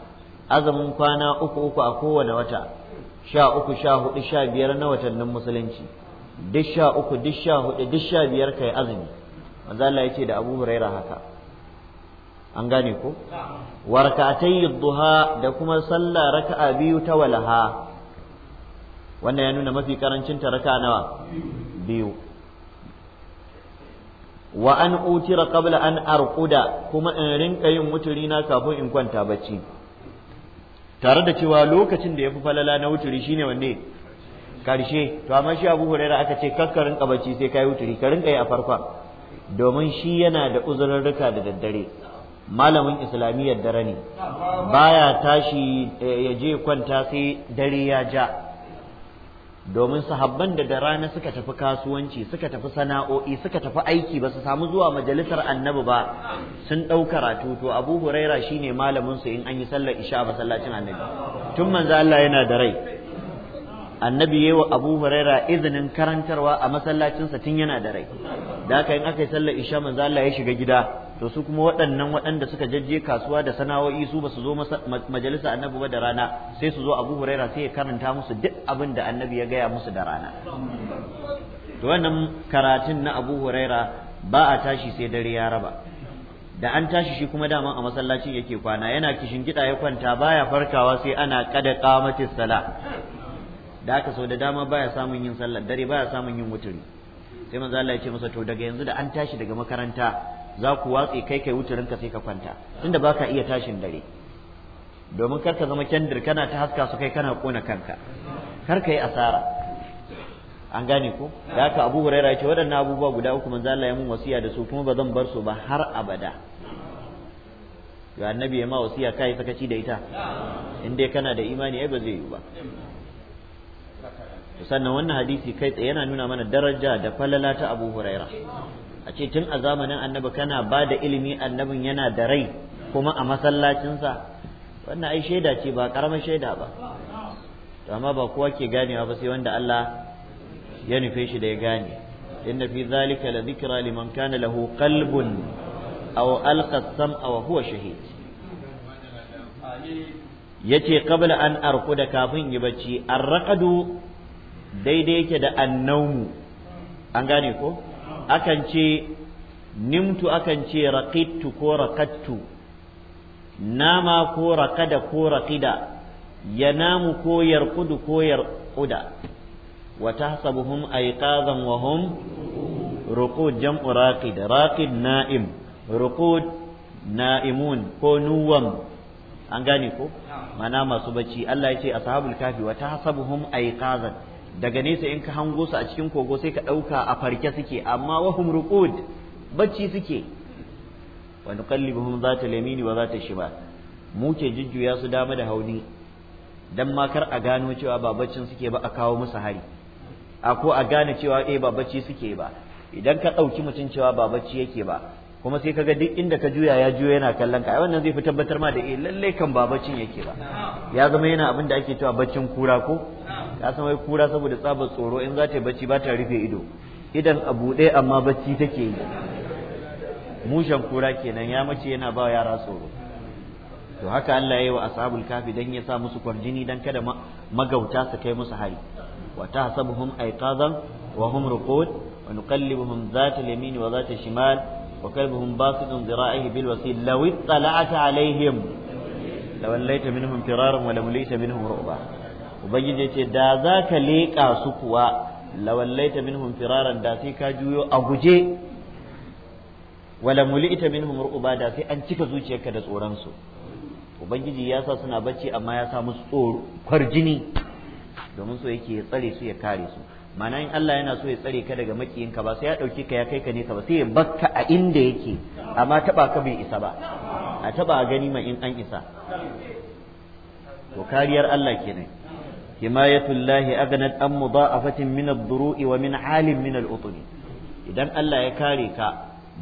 Speaker 1: azumin kwana uku uku a kowane wata sha uku sha hudu sha biyar na watannin musulunci duk sha uku duk sha hudu duk sha biyar kai azumi manzo Allah yace da Abu Huraira haka an gane ko wa rak'atay duha da kuma sallah raka'a biyu ta walaha wannan ya nuna mafi karancin taraka nawa biyu wa an utira qabla an arquda kuma in rinka yin wuturi na kafin in kwanta bacci tare da cewa lokacin da yafi falala na wuturi shine wanne karshe to amma shi Abu Hurairah aka ce kakka rinka bacci sai kai wuturi ka rinka yi a farkon domin shi yana da uzurin uzurarruka da daddare malamin islamiyyar dare ne baya tashi eh, ya je kwanta sai dare ya ja domin sahabban da da rana suka tafi kasuwanci suka tafi sana'o'i suka tafi aiki ba su samu zuwa majalisar annabi ba sun ɗau karatu to abu huraira shine malamin su in an yi sallar isha ba sallacin annabi tun manzo Allah yana da rai annabi yayi wa Abu Huraira izinin karantarwa a masallacinsa tun yana da rai da haka in aka yi sallar isha manzo Allah ya shiga gida to su kuma waɗannan waɗanda suka jajje kasuwa da sana'o'i su ba su zo majalisa annabi ba da rana sai su zo Abu Huraira sai ya karanta musu duk abin da annabi ya gaya musu da rana to wannan karatun na Abu Huraira ba a tashi sai dare ya raba da an tashi shi kuma dama a masallaci yake kwana yana kishin gida ya kwanta baya farkawa sai ana kada qamatis sala da aka sau da dama baya samun yin sallar dare baya samun yin wuturi sai manzo Allah ya ce masa to daga yanzu da an tashi daga makaranta za ku watse kai kai wuturinka sai ka kwanta tunda baka iya tashin dare domin karka zama kyandir kana ta haska su kai kana kona kanka kar ka yi asara an gane ko da haka Abu Hurairah ya ce waɗannan abubuwa guda uku manzo Allah ya mun wasiya da su kuma ba zan bar su ba har abada ya annabi ya ma wasiya kai sakaci da ita in dai kana da imani ai ba zai yi ba sannan wannan hadisi kai tsaye yana nuna mana daraja da falala ta Abu Huraira a ce tun a zamanin annabi kana ba da ilimi annabin yana da rai kuma a masallacinsa wannan ai shaida ce ba karamar shaida ba to amma ba kowa ke ganewa ba sai wanda Allah ya nufe shi da ya gane inna fi zalika la dhikra liman kana lahu qalbun aw alqa sama wa huwa shahid
Speaker 2: yace qabla
Speaker 1: an da kafin yi bacci arraqadu daidai yake da annaumu an gane ko akan ce nimtu akan ce raqittu ko raqattu nama ko raqada ko raqida yanamu ko yarqudu ko yarquda wa tahsabuhum ayqadan wa hum ruqud jam'u raqid raqid na'im ruqud na'imun ko nuwam an gane ko mana masu bacci Allah ya ce ashabul kafi wa tahsabuhum ayqazan daga nesa in ka hango su a cikin kogo sai ka ɗauka a farke suke amma wahum ruqud bacci suke wa nuqallibuhum zata lamini wa zata shimal mu ke jujjuya su dama da hauni dan ma kar a gano cewa ba baccin suke ba a kawo musu hari a ko a gane cewa eh ba bacci suke ba idan ka ɗauki mutum cewa ba bacci yake ba kuma sai kaga duk inda ka juya ya juyo yana kallon ka ai wannan zai fi tabbatar ma da eh lalle kan ba baccin yake ba ya zama yana abin da ake cewa baccin kura ko ya san wai kura saboda tsabar tsoro in za ta bacci ba ta rufe ido idan a buɗe amma bacci take yi mushen kura kenan ya mace yana ba yara tsoro to haka Allah ya yi wa ashabul kafi dan ya sa musu kwarjini dan kada magauta su kai musu hari wa tahsabuhum aiqazan wa hum ruqud wa nuqallibuhum zata al-yamin wa zata shimal wa kalbuhum basitun dhira'ihi bil wasil law ittala'ata alaihim lawallaita minhum firaran wa lamulita minhum ru'ba ubangiji ce da za ka leƙa su kuwa lawallaita minhum firaran da sai ka juyo a guje wala mulita minhum ru'ba da sai an cika zuciyarka da tsoron su ubangiji ya sa suna bacci amma ya sa musu tsoro kwarjini domin so yake ya tsare su ya kare su ma'ana in Allah yana so ya tsare ka daga makiyinka ba sai ya dauke ka ya kai ka ne ba sai ya bakka a inda yake amma taba ka bai isa ba a taba gani ma in an isa to kariyar Allah kenan حماية الله أغنت أم مضاعفة من الضروء ومن عالم من الأطن إذن الله يكاريك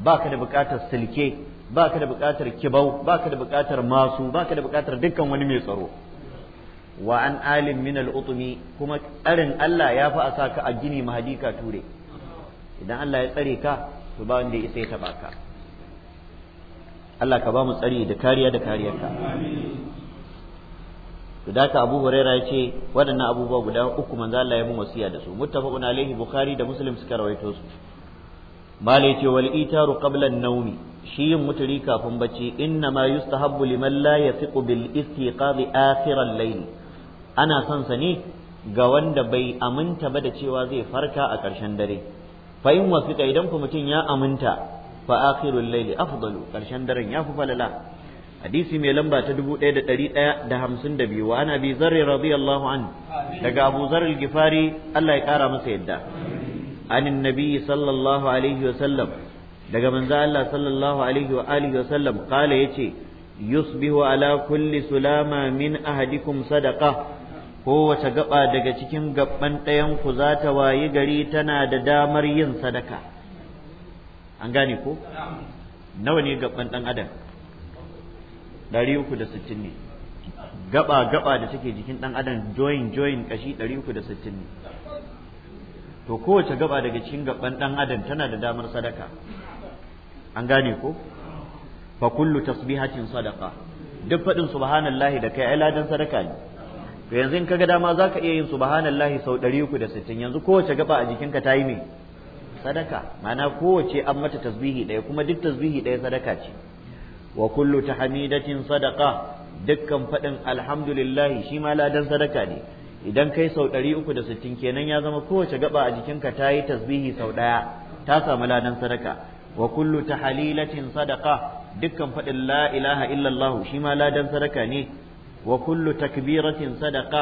Speaker 1: باك da buƙatar silke baka da buƙatar kibau baka da buƙatar masu baka da buƙatar dukkan wani mai tsaro wa an alim min kuma tsarin Allah ya fi a saka gini mahadi ka ture idan Allah ya tsare ka to ba wanda ya ka Allah ka da kariya da
Speaker 2: to da ka Abu Huraira ya
Speaker 1: ce waɗannan abubuwa guda uku manzo Allah ya mun wasiya da su muttafaqun alaihi Bukhari da Muslim suka rawaito su malai ce wal itaru qabla an-nawmi shi yin muturi kafin bacci inna ma yustahabbu liman la yathiqu bil istiqabi akhir al-layl ana son sa ne ga wanda bai aminta ba da cewa zai farka a ƙarshen dare fa in wasiqa idan ku mutum ya aminta fa akhirul layli afdalu ƙarshen daren ya fi falala hadisi mai lamba ta dubu ɗaya ɗaya da da da hamsin 1152 wa ana bi zarri radiyallahu an daga Abu Zar al-Gifari Allah ya kara masa yadda anin nabi sallallahu alaihi wa sallam daga manzo Allah sallallahu alaihi wa alihi wa sallam kala yace yusbihu ala kulli sulama min ahadikum sadaqa kowace gaba daga cikin gaban ɗayan ku za ta wayi gari tana da damar yin sadaka an gane ko nawa ne gaban ɗan adam ɗari uku da sittin ne gaba gaba da take jikin ɗan adam join join kashi ɗari uku da sittin ne to kowace gaba daga cikin gaban ɗan adam tana da damar sadaka an gane ko fa kullu tasbihatin sadaqa duk faɗin subhanallahi da kai ai ladan sadaka ne to yanzu in kaga dama zaka iya yin subhanallahi sau 360 yanzu kowace gaba a jikinka ta yi me sadaka ma'ana kowace an mata tasbihi ɗaya kuma duk tasbihi ɗaya sadaka ce wa kullu tahmidatin sadaqa dukkan faɗin alhamdulillah shi ma ladan sadaka ne idan kai sau ɗari uku da sittin kenan ya zama kowace gaba a jikinka ta yi tasbihi sau ɗaya ta samu ladan sadaka wa kullu tahalilatin sadaqa dukkan faɗin la ilaha illallah shi ma ladan sadaka ne wa kullu takbiratin sadaqa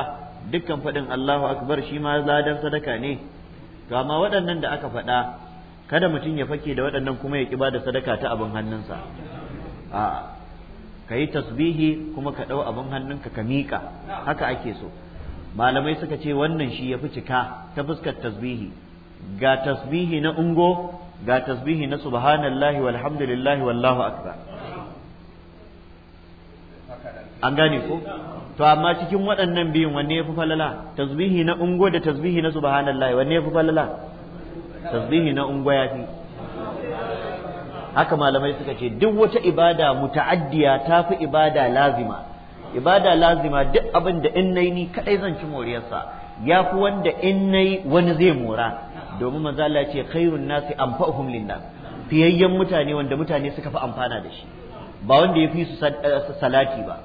Speaker 1: dukkan faɗin Allahu akbar shi ma ladan sadaka ne to amma waɗannan da aka faɗa kada mutum ya fake da waɗannan kuma ya ƙi ba da sadaka ta abin hannunsa a ka yi tasbihi kuma ka ɗau abin hannunka ka miƙa haka ake so malamai suka ce wannan shi ya fi cika ta fuskar tasbihi
Speaker 2: ga tasbihi na ungo ga tasbihi na subhanallahi
Speaker 1: walhamdulillahi wallahu akbar
Speaker 2: an gane ko to amma cikin
Speaker 1: waɗannan biyun wanne ya fi falala tasbihi na ungo da tasbihi na subhanallahi wanne ya fi falala tasbihi na ungo ya fi haka malamai suka ce duk wata ibada muta'addiya fi ibada lazima ibada lazima duk abin da in nayi ni kadai zan ci moriyarsa fi wanda in nayi wani zai mora domin manzo ce khairun nasi anfa'uhum linnas fiyayyen mutane wanda mutane suka fi amfana da shi ba wanda ya fi eh, su salati ba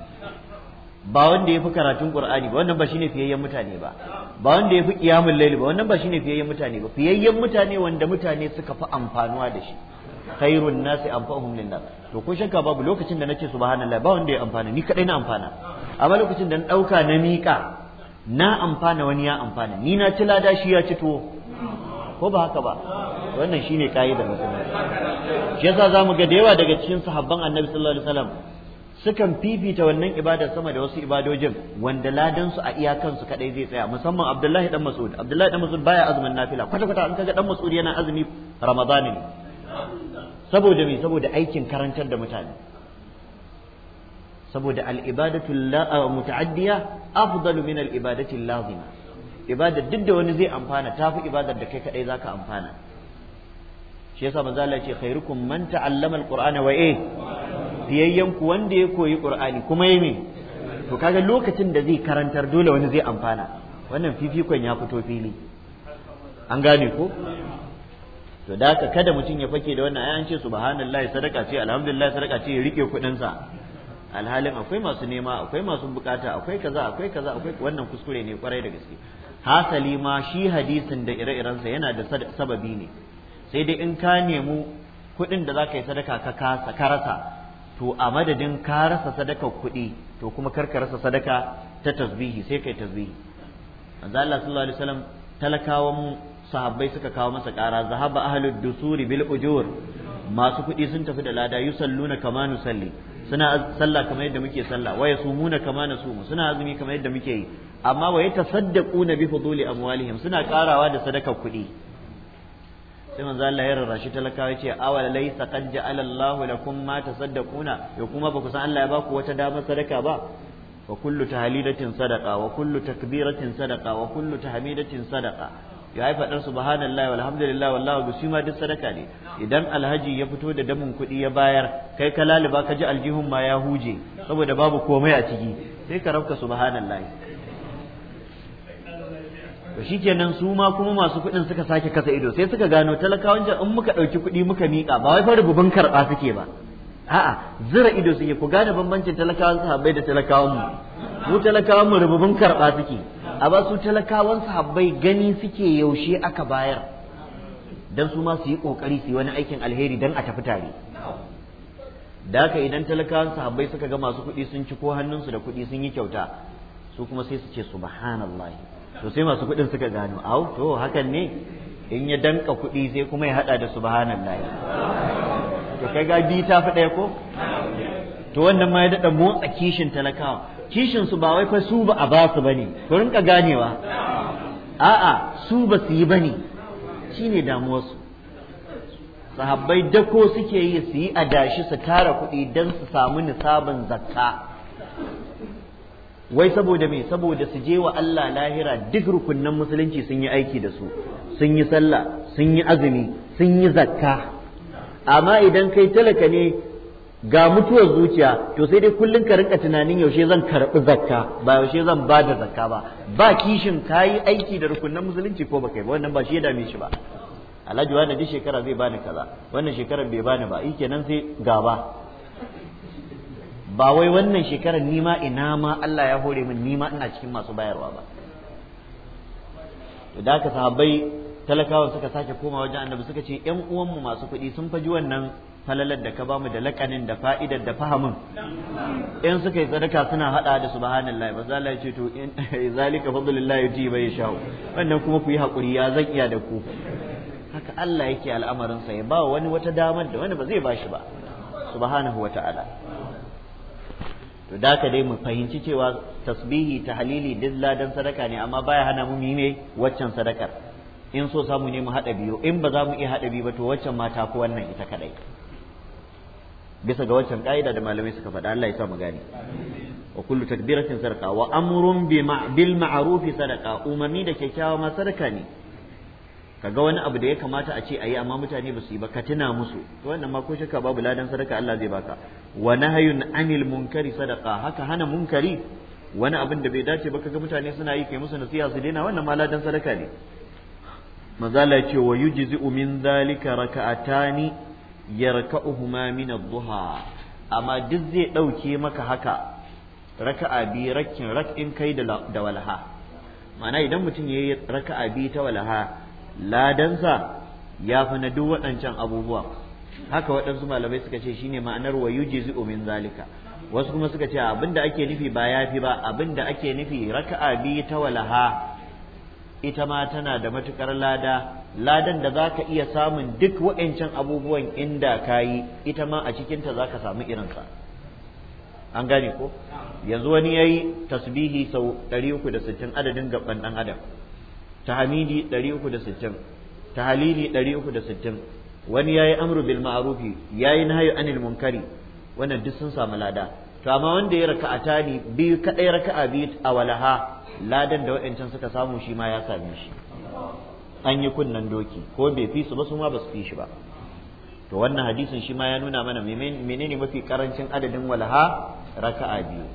Speaker 1: ba wanda ya fi karatun qur'ani ba wannan ba shine fiyayyen mutane ba ba wanda ya fi qiyamul layl ba wannan ba shine fiyayyen mutane ba fiyayyen mutane wanda mutane suka fi amfanuwa da shi khairun nasi anfa'uhum linnas to ko shakka babu lokacin da nace subhanallahi ba wanda ya amfana ni kadai na amfana amma lokacin da na dauka na miƙa na amfana wani ya amfana ni na ci lada shi ya ci tuwo ko ba haka ba wannan shine kaidar musulunci shi yasa zamu ga da yawa daga cikin sahabban annabi sallallahu alaihi wasallam sukan fifita wannan ibada sama da wasu ibadojin wanda ladan su a iyakan su kadai zai tsaya musamman Abdullahi dan Mas'ud Abdullahi dan Mas'ud baya azumin nafila kwata kwata an kaga dan Mas'ud yana azumi Ramadan ne saboda me saboda aikin karantar da mutane saboda al'ibadatu ah, muta'addiya afdalu min al'ibadati lazima ibadar duk da wani zai amfana tafi ibadar da kai kadai zaka amfana shi yasa manzo Allah ce khairukum man ta'allama al-qur'ana wa eh biyayyan ku wanda ya koyi qur'ani kuma yayi me to kaga lokacin da zai karantar dole wani zai amfana wannan fifikon ya fito fili an gane ko to da haka kada mutum ya fake da wannan ayan an ce subhanallahi sadaka ce alhamdulillah sadaka ce ya rike kuɗin sa alhalin akwai masu nema akwai masu bukata akwai kaza akwai kaza akwai wannan kuskure ne kwarai da gaske hasali ma shi hadisin da ire-irensa yana da sababi ne sai dai in ka nemi kuɗin da za ka yi sadaka ka kasa ka rasa to a madadin ka rasa sadaka kuɗi to kuma kar ka rasa sadaka ta tasbihi sai kai tasbihi manzo Allah sallallahu alaihi wasallam talakawan sahabbai suka kawo masa ƙara zahaba ahlud dusuri bil ujur masu kuɗi sun tafi da lada yusalluna kama nusalli suna sallah kamar yadda muke sallah wa yasumuna kama nasumu suna azumi kamar yadda muke yi amma wa yatasaddaquna bi fuduli amwalihim suna karawa da sadakar kuɗi sai manzo Allah ya rarrashi talakawa ce awa laysa qad ja'ala Allahu lakum ma tasaddaquna ya kuma ba ku san Allah ya baku wata damar sadaka ba wa kullu tahlilatin sadaqa wa kullu takbiratin sadaqa wa kullu tahmidatin sadaqa ya yi faɗar subhanallahi walhamdulillah wallahu bi ma duk sadaka ne idan alhaji ya fito da damin kuɗi ya bayar kai ka laliba ka ji aljihun ma ya huje saboda babu komai a ciki sai ka rabka subhanallahi to shikenan su ma kuma masu kuɗin suka sake kasa ido sai suka gano talakawan jan in muka ɗauki kuɗi muka miƙa ba wai fa rububin karɓa suke ba a'a zira ido suke ku gane bambancin talakawan sahabbai da talakawan mu mu talakawan mu rububin karɓa suke ba su talakawan sahabbai gani suke yaushe aka bayar dan su ma su yi kokari su yi wani aikin alheri dan a tafi tare da haka idan talakawan sahabbai suka ga masu kuɗi sun ci ko hannunsu da kuɗi sun yi kyauta su kuma sai su ce subhanallah to sai masu kuɗin suka gano au to hakan ne in ya danka kuɗi sai kuma ya hada da subhanallah to kai ga bi ta fi ɗaya ko to wannan ma ya daɗa motsa kishin talakawa kishin su ba wai fa su ba a ba su bane ku rinka ganewa a'a su ba su yi bane shine damuwar su sahabbai dako suke yi su yi adashi su tara kuɗi don su samu nisabin zakka wai saboda me saboda su je wa Allah lahira duk rukunnan musulunci sun yi aiki da su sun yi sallah sun yi azumi sun yi zakka amma idan kai talaka ne ga mutuwar zuciya to sai dai kullum ka rinka tunanin yaushe zan karɓi zakka ba yaushe zan ba da zakka ba ba kishin ka yi aiki da rukunin musulunci ko ba kai ba wannan ba shi ya dame shi ba alhaji wani duk shekara zai bani kaza wannan shekarar bai bani ba yi kenan sai gaba ba wai wannan shekarar nima ina ma Allah ya hore min nima ina cikin masu bayarwa ba to da haka sahabbai talakawa suka sake koma wajen annabi suka ce ƴan uwanmu masu kuɗi sun faji wannan falalar da ka bamu da lakanin da fa'idar da fahamin in suka yi sadaka suna haɗa da subhanallahi ba za a ce to in zalika fadlullahi yuti bai shau wannan kuma ku yi hakuri ya zan iya da ku haka Allah yake al'amarin sa ya ba wani wata damar da wani ba zai bashi ba subhanahu wata'ala to da ka dai mu fahimci cewa tasbihi tahlili dilla sadaka ne amma baya hana mu mime waccan sadakar in so samu ne mu haɗa biyu in ba za mu iya haɗa biyu ba to waccan mata ko wannan ita kaɗai. bisa ga wancan ka'ida da malamai suka faɗa Allah ya sa mu gane wa kullu takbiratin sadaqa wa amrun bil ma'ruf sadaqa umarni da kyakkyawa ma sadaka ne kaga wani abu da ya kamata a ce ayi amma mutane ba su yi ba ka tuna musu to wannan ma ko shakka babu ladan sadaka Allah zai baka wa nahyun anil munkari sadaqa haka hana munkari wani abin da bai dace ba kaga mutane suna yi kai musu nasiha su daina wannan ma ladan sadaka ne manzo Allah ya ce wa yujzi'u min zalika raka'atani yarka'uhuma min ad-duha amma duk zai ɗauke maka haka raka'a bi rakkin rak'in kai da walaha mana idan mutum ya yi raka'a bi ta walaha ladansa ya fi na duk waɗancan abubuwa haka waɗansu malamai suka ce shine ma'anar wa yujzi'u min zalika wasu kuma suka ce abinda ake nufi ba yafi ba abinda ake nufi raka'a bi ta walaha ita ma tana da matukar lada ladan da za ka iya samun duk wa'ancan abubuwan inda ka yi, ita ma a cikinta za ka samu irinsa an gane ko yanzu wani ya yi tasbihi sau 360 adadin gaban ɗan adam ta hamidi 360 halili 360 wani ya yi amru bil yi yayi nahyi anil munkari wannan duk sun samu lada to amma wanda ya raka'a tani biyu kadai raka'a biyu a walaha ladan da wa'ancan suka samu shi ma ya same shi an yi kunnen doki ko bai fi su ba su ma ba su fi shi ba to wannan hadisin shi ma ya nuna mana menene mafi karancin adadin walaha raka'a biyu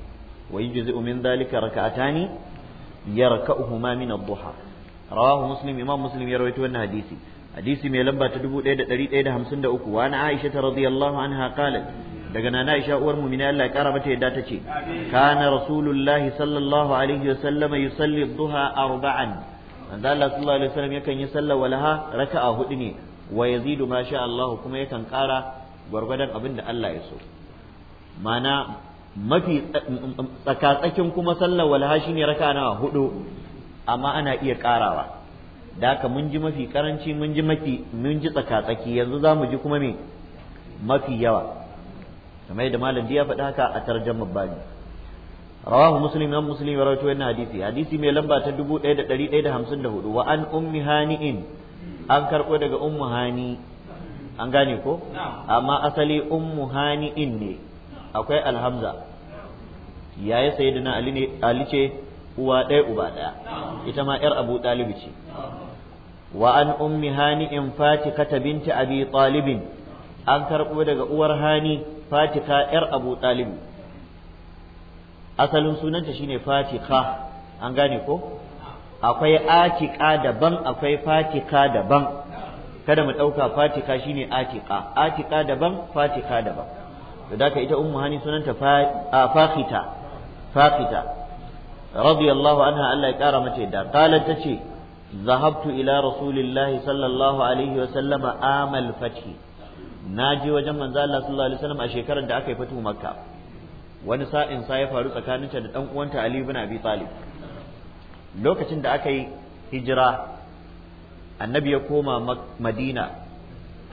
Speaker 1: wa yujzi'u min dhalika raka'atani yarka'uhuma min ad-duha rawahu muslim imam muslim ya rawaito wannan hadisi hadisi mai lamba ta 1153 wa ana aisha radhiyallahu anha qalat daga nana aisha uwar mu'mina Allah ya kara mata yadda ta tace kana rasulullahi sallallahu alaihi wa sallama yusalli ad-duha arba'an manzo Allah sallallahu alaihi wasallam yakan yi sallar walaha raka'a hudu ne wa yazidu ma sha Allah kuma yakan kara gwargwadon abin da Allah ya so mana mafi tsakatsakin kuma sallar walaha shine raka'a nawa hudu amma ana iya karawa da haka mun ji mafi karanci mun ji mafi mun ji tsakatsaki yanzu za mu ji kuma me mafi yawa kamar da malam ya faɗa haka a tarjamar bani rawahu muslim imam muslim ya rawaito wannan hadisi hadisi mai lamba ta 1154 wa an ummi hani'in an karbo daga ummu hani an gane ko amma asali ummu hani'in ne akwai alhamza yayi sayyidina ali ne ali ce uwa ɗaya uba ɗaya ita ma yar abu talib ce wa an ummi hani'in ta binti abi talibin an karbo daga uwar hani fatika yar abu talib asalin sunanta shine fatika an gane ko akwai atika daban akwai fatika daban kada mu ɗauka fatika shine atika atika daban fatika daban da daka ita ummu hani sunanta fakita fakita radiyallahu anha Allah ya kara mace da qalat tace zahabtu ila rasulillahi sallallahu alaihi wa sallama amal fathi naje wajen manzo Allah sallallahu alaihi wasallam a shekarar da aka yi fatu makka wani sa'in sa ya faru tsakaninta da ɗan uwanta Ali ibn Abi Talib lokacin da aka yi hijira annabi ya koma Madina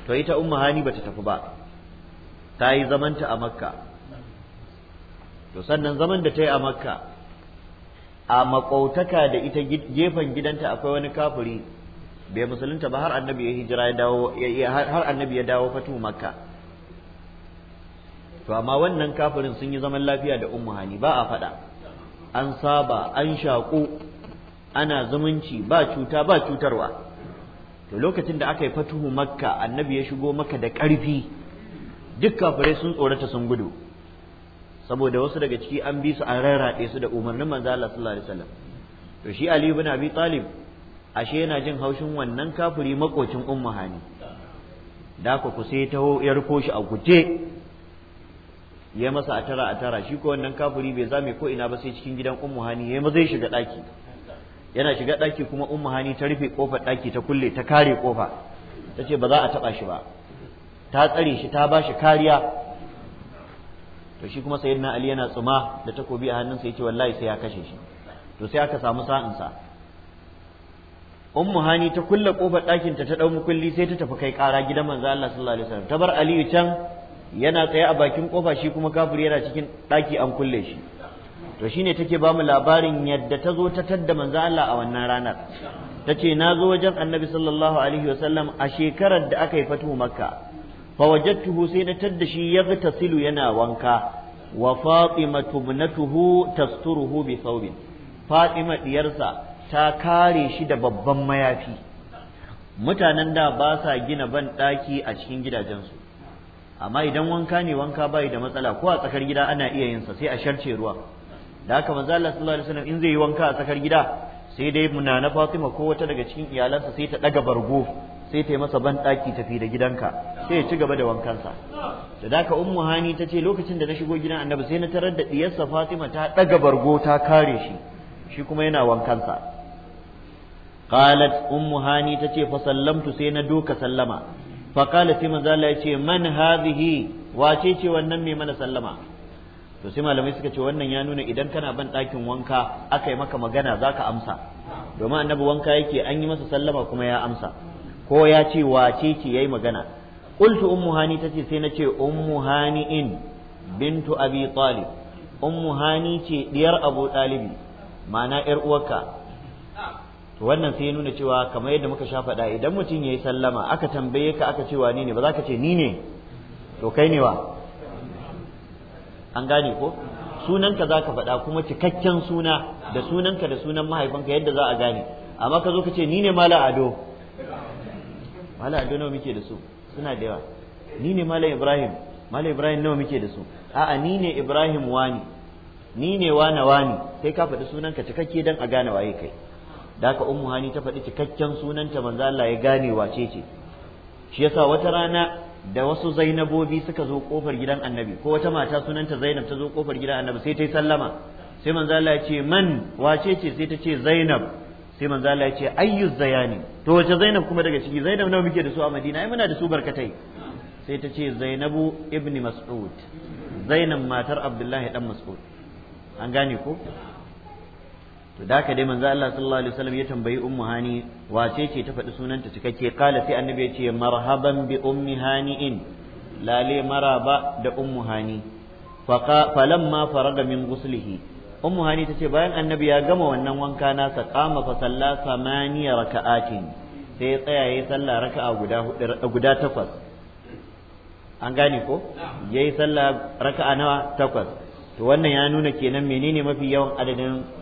Speaker 1: to ita ummu hani bata tafi ba ta yi zamanta a Makka to sannan zaman da ta yi a Makka a makautaka da ita gefen gidanta akwai wani kafuri bai musulunta ba har annabi ya dawo har annabi ya dawo fatu Makka to amma wannan kafirin sun yi zaman lafiya da ummu ba a faɗa an saba an shaƙo ana zumunci ba cuta ba cutarwa to lokacin da aka yi fatuhu makka annabi ya shigo maka da ƙarfi duk kafirai sun tsorata sun gudu saboda wasu daga ciki an bi su an rarraɗe su da umarnin manzo Allah sallallahu alaihi wasallam to shi Ali ibn Abi Talib ashe yana jin haushin wannan kafiri makocin ummu hani da ku ku sai taho ya rufo shi a guje ya masa a tara a tara shi ko wannan kafuri bai zame ko ina ba sai cikin gidan ummu hani ya maza shiga daki yana shiga daki kuma ummu hani ta rufe kofar daki ta kulle ta kare kofa ta ce ba za a taba shi ba ta tsare shi ta bashi kariya to shi kuma sayyidina ali yana tsuma da takobi a hannunsa yace wallahi sai ya kashe shi to sai aka samu sa'insa ummu hani ta kulle kofar dakin ta ta dau mukulli sai ta tafi kai kara gidan manzo Allah sallallahu alaihi wasallam ta bar aliyu can yana tsaye a bakin kofa shi kuma kafiri yana cikin daki an kulle shi to shine take ba mu labarin yadda ta zo ta tadda manzo Allah a wannan ranar tace ce na zo wajen annabi sallallahu alaihi wasallam a shekarar da aka yi fatuhu makka fa wajadtuhu sai na tadda shi ya tasilu yana wanka wa fatimatu ibnatuhu tasturuhu bi thawbin fatima diyarsa ta kare shi da babban mayafi mutanen da ba sa gina ban daki a cikin gidajensu amma idan wanka ne wanka bai da matsala ko a tsakar gida ana iya yin sa sai a sharce ruwa da haka manzo Allah sallallahu alaihi wasallam in zai yi wanka a tsakar gida sai dai muna na Fatima ko wata daga cikin iyalansa sai ta daga bargo sai ta yi masa ban daki tafi da gidanka sai ya ci gaba da wankansa da daka ummu hani ta lokacin da na shigo gidan annabi sai na tarar da diyarsa Fatima ta daga bargo ta kare shi shi kuma yana wankansa qalat ummu hani ta ce fa sallamtu sai na doka sallama فقال sai manzo Allah ya ce man hadhihi wannan mai mana sallama to sai malamai suka ce wannan ya nuna idan kana ban ɗakin wanka aka yi maka magana za ka amsa domin annabi wanka yake an yi masa sallama kuma ya amsa ko ya ce wace ce yayi magana qultu ummu hani tace sai nace ummu hani in bintu abi talib ummu hani ce diyar abu talibi ma'ana yar uwarka to wannan sai ya nuna cewa kamar yadda muka sha faɗa idan mutum ya yi sallama aka tambaye ka aka ce wane ne ba za ka ce ni ne to kai ne wa an gane ko sunanka za ka faɗa kuma cikakken suna da sunanka da sunan mahaifinka yadda za a gane amma ka zo ka ce ni ne mala ado mala ado nawa muke da su suna da yawa ni ne mala ibrahim mala ibrahim nawa muke da su a'a ni ne ibrahim wani ni ne wana wani sai ka faɗi sunanka cikakke dan a gane waye kai da haka ummu hani ta faɗi cikakken sunanta manzo Allah ya gane wace ce shi yasa wata rana da wasu zainabobi suka zo kofar gidan annabi ko wata mata sunanta zainab ta zo kofar gidan annabi sai ta yi sallama sai manzo Allah ya ce man wace ce sai ta ce zainab sai manzo Allah ya ce ayyu zayani to wace zainab kuma daga ciki zainab nawa muke da su a madina ai muna da su barkatai sai ta ce zainabu ibni mas'ud zainab matar abdullahi dan mas'ud an gane ko to da ka dai manzo Allah sallallahu alaihi wasallam ya tambayi ummu hani wace ce ta faɗi sunanta cikakke kala sai annabi ya ce marhaban bi ummi hani'in lale maraba da ummu hani falamma faraga min guslihi ummu hani tace bayan annabi ya gama wannan wanka nasa qama fa salla samaniya raka'atin sai ya tsaya yayi sallah raka'a guda guda takwas an gane ko yayi sallah raka'a nawa takwas to wannan ya nuna kenan menene mafi yawan adadin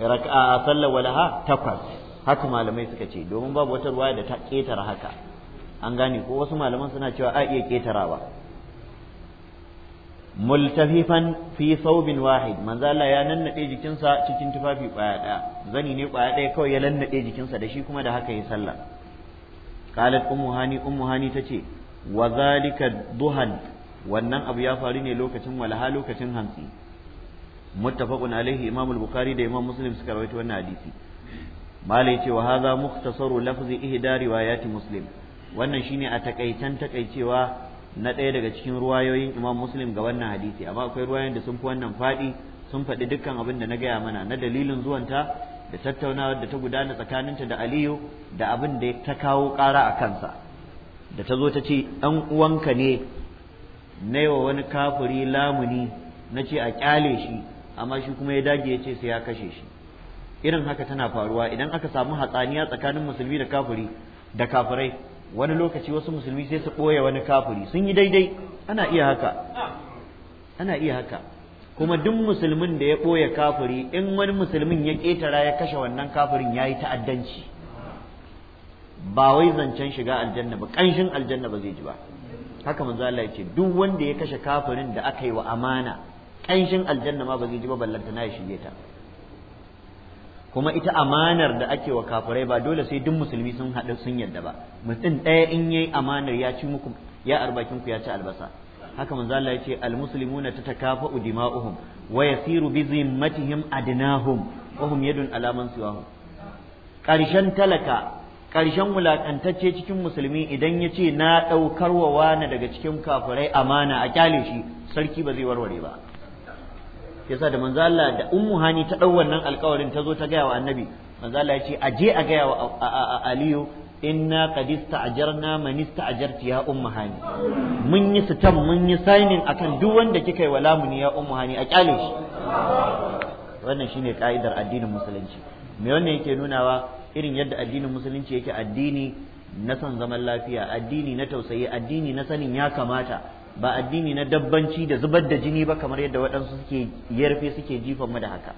Speaker 1: raka'a sallar walaha takwas haka malamai suka ce domin babu wata ruwaya da ta ketara haka an gane ko wasu malaman suna cewa a iya ketarawa multafifan fi saubin wahid manzo Allah ya nannade jikinsa cikin tufafi kwaya daya zani ne kwaya daya kawai ya nannade jikinsa da shi kuma da haka yi sallah qalat ummu hani ummu hani tace wa zalika duhan wannan abu ya faru ne lokacin walaha lokacin hantsi muttafaqun alaihi imam al-bukhari da imam muslim suka rawaito wannan hadisi malai ce haza, hadha mukhtasaru lafzi ihda riwayati muslim wannan shine a takaitan takaicewa na ɗaya daga cikin ruwayoyin imam muslim ga wannan hadisi amma akwai ruwayoyin da sun fi wannan faɗi sun faɗi dukkan abin da na gaya mana na dalilin zuwanta da tattaunawar da ta gudana tsakaninta da aliyu da abin da ta kawo ƙara a kansa da ta zo ta ce ɗan uwanka ne na wa wani kafuri lamuni na ce a ƙyale shi amma shi kuma ya dage ya ce sai ya kashe shi irin haka tana faruwa idan aka samu hatsaniya tsakanin musulmi da kafiri da kafirai wani lokaci wasu musulmi sai su ɓoye wani kafiri sun yi daidai ana iya haka ana iya haka kuma duk musulmin da ya ɓoye kafiri in wani musulmin ya ƙetara ya kashe wannan kafirin ya yi ta'addanci ba wai zancen shiga aljanna ba ƙanshin aljanna ba zai ji ba haka manzo Allah ya ce duk wanda ya kashe kafirin da aka yi wa amana ƙanshin aljanna ma ba zai ji ba ballanta na ya shige ta kuma ita amanar da ake wa kafirai ba dole sai duk musulmi sun haɗu sun yadda ba mutum ɗaya in yayi amanar ya ci muku ya arbakin ku ya ci albasa haka manzo Allah yace almuslimuna tatakafa'u dima'uhum wa yasiru bi zimmatihim adnahum wa hum yadun ala man siwahum karshen talaka karshen wulakantacce cikin musulmi idan yace na daukar wa wani daga cikin kafirai amana a kyale shi sarki ba zai warware ba yasa da manzo Allah da ummu hani ta dau wannan alƙawarin ta zo ta gaya wa annabi manzo Allah ya ce a je a gaya wa aliyu inna qad ista'jarna man ista'jarti ya ummu hani mun yi sitam mun yi signing akan duk wanda kika yi wa lamuni ya ummu hani a kyale shi wannan shine ka'idar addinin musulunci me wannan yake nunawa irin yadda addinin musulunci yake addini na son zaman lafiya addini na tausayi addini na sanin ya kamata ba addini na dabbanci da zubar da jini ba kamar yadda waɗansu suke yarfe suke jifan mu da haka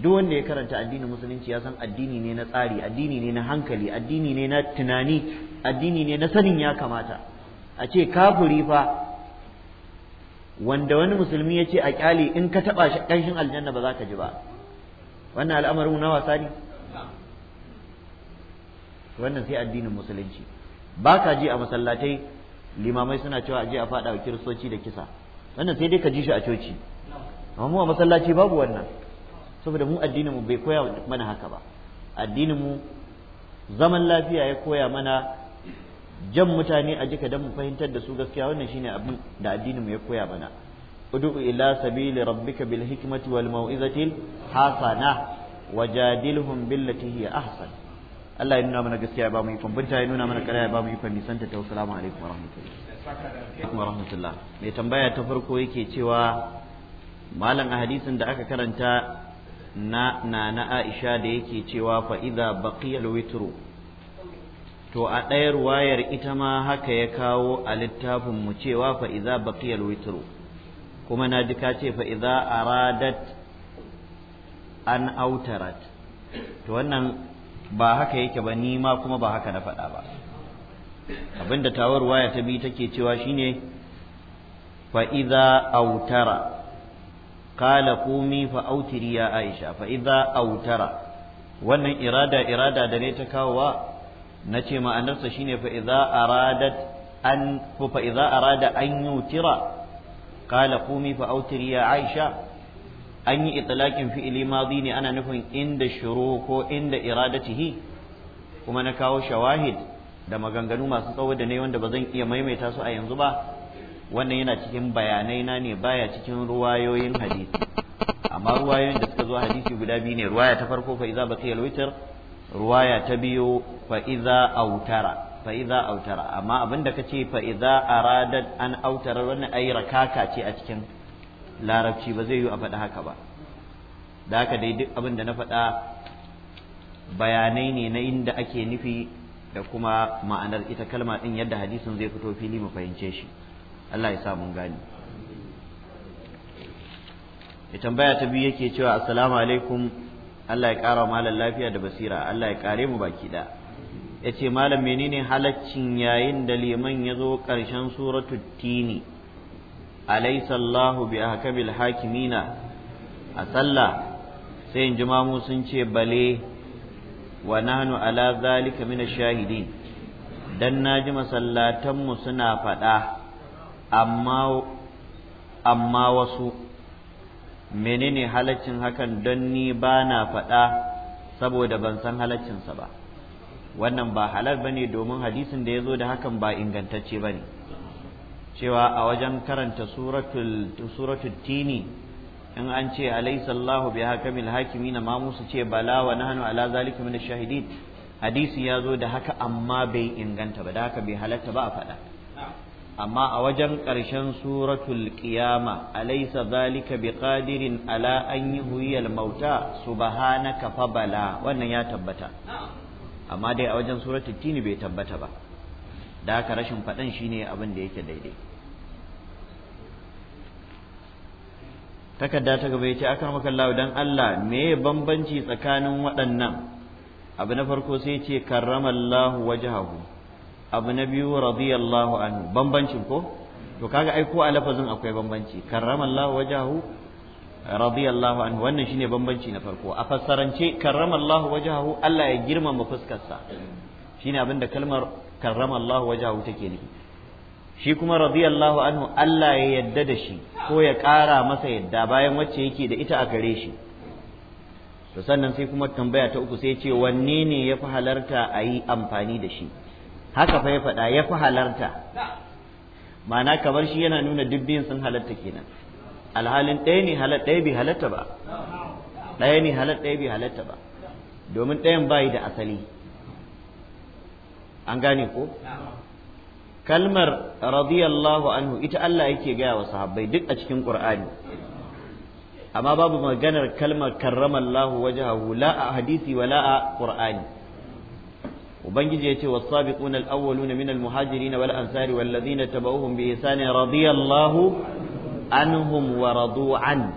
Speaker 1: duk wanda ya karanta addinin musulunci ya san addini ne na tsari addini ne na hankali addini ne na tunani addini ne na sanin ya kamata a ce kafuri fa wanda wani musulmi ya ce a kyale in ka taɓa shi ƙanshin aljanna ba za ka ji ba wannan al'amarin na wasa ne wannan sai addinin musulunci ba ka ji a masallatai limamai suna cewa aje a faɗa a kiristoci da kisa wannan sai dai ka ji shi a coci amma mu a masallaci babu wannan saboda mu addinin mu bai koya mana haka ba addinin mu zaman lafiya ya koya mana jan mutane a jika don mu fahimtar da su gaskiya wannan shine abin da addinin mu ya koya mana ud'u ila sabili rabbika bil hikmati wal mau'izati hasana wajadilhum billati hiya ahsan Allah ya nuna mana gaskiya ya ba mu ikon binta ya nuna mana kare ya ba mu ikon nisan ta assalamu alaikum wa rahmatullahi wa rahmatullah mai tambaya ta farko yake cewa malam ahadisin da aka karanta na na na Aisha da yake cewa fa idza baqiya al to a ɗayar wayar ita ma haka ya kawo a littafin mu cewa fa idza baqiya al kuma na ji ka ce fa idza aradat an autarat to wannan ba haka yake ba ni ma kuma ba haka na faɗa ba abinda tawar waya ta bi take cewa shine fa idza autara qala qumi fa autiri ya aisha fa autara wannan irada irada da ne ta kawowa na ce ma'anarsa shine fa idza aradat an fa idza arada an yutira qala qumi fa autiri ya aisha an yi itilakin fi'ili madi ne ana nufin inda shuru ko inda iradatihi kuma na kawo shawahid da maganganu masu tsawo da ne wanda bazan iya maimaita su a yanzu ba wannan yana cikin bayanai na ne baya cikin ruwayoyin hadisi amma ruwayoyin da suka zo hadisi guda biyu ne ruwaya ta farko fa iza baqiya al-witr ruwaya ta biyu fa iza autara fa iza autara amma abinda kace fa iza aradat an autara wannan ayi rakaka ce a cikin larabci ba zai yi a faɗi haka ba da haka dai duk abin da na faɗa bayanai ne na inda ake nufi da kuma ma'anar ita kalma ɗin yadda hadisin zai fito fili mu fahimce shi Allah ya sa mun gani ya tambaya ta biyu yake cewa assalamu alaikum Allah ya ƙara malam lafiya da basira Allah ya ƙare mu baki da ya ce malam menene halaccin yayin da liman ya zo ƙarshen suratul tini alaysa Allahu bi ahkamil hakimina a sallah sai in jimamu sun ce bale wa nahnu ala zalika min ash-shahidin dan naji masallatan mu suna faɗa amma amma wasu menene halaccin hakan don ni ba na faɗa saboda ban san halaccinsa ba wannan ba halal bane domin hadisin da ya zo da hakan ba ingantacce bane ne cewa a wajen karanta suratul suratul tini in an ce alaisallahu Allahu bi hakamil hakimin ma musu ce bala wa nahnu ala zalika min shahidin hadisi ya zo da haka amma bai inganta ba da haka bai halatta ba a faɗa amma a wajen ƙarshen suratul qiyama alaysa zalika biqadirin ala an yuhyil mauta subhanaka fa bala wannan ya tabbata amma dai a wajen suratul tini bai tabbata ba da aka rashin faɗan shine abin da yake daidai takarda ta gaba ya ce akan makallawa don Allah me bambanci tsakanin waɗannan abu na farko sai yace karramallahu wajhahu abu na biyu radiyallahu anhu bambancin ko to kaga ai ko a lafazin akwai bambanci karramallahu wajhahu radiyallahu anhu wannan shine bambanci na farko a fassarance karramallahu wajhahu Allah ya girmama sa shine abin da kalmar karrama Allah wajahu take nufi shi kuma radiyallahu anhu Allah ya yadda da shi ko ya ƙara masa yadda bayan wacce yake da ita a gare shi to sannan sai kuma tambaya ta uku sai ce wanne ne ya fi halarta a yi amfani da shi haka fa ya faɗa ya fi halarta ma'ana kamar shi yana nuna dubbin sun halarta kenan alhalin ɗaya ne halar ɗaya bai halarta ba ɗaya ne halar ɗaya bai halarta ba domin ɗayan bayi da asali an gane ko kalmar radiyallahu anhu ita Allah yake gaya wa sahabbai duk a cikin Qur'ani amma babu maganar kalmar karramallahu wajhahu la a hadisi wa la a Qur'ani ubangiji yace was-sabiqun al-awwaluna min al-muhajirin wal ansari wal ladina tabauhum bi ihsan radiyallahu anhum wa radu an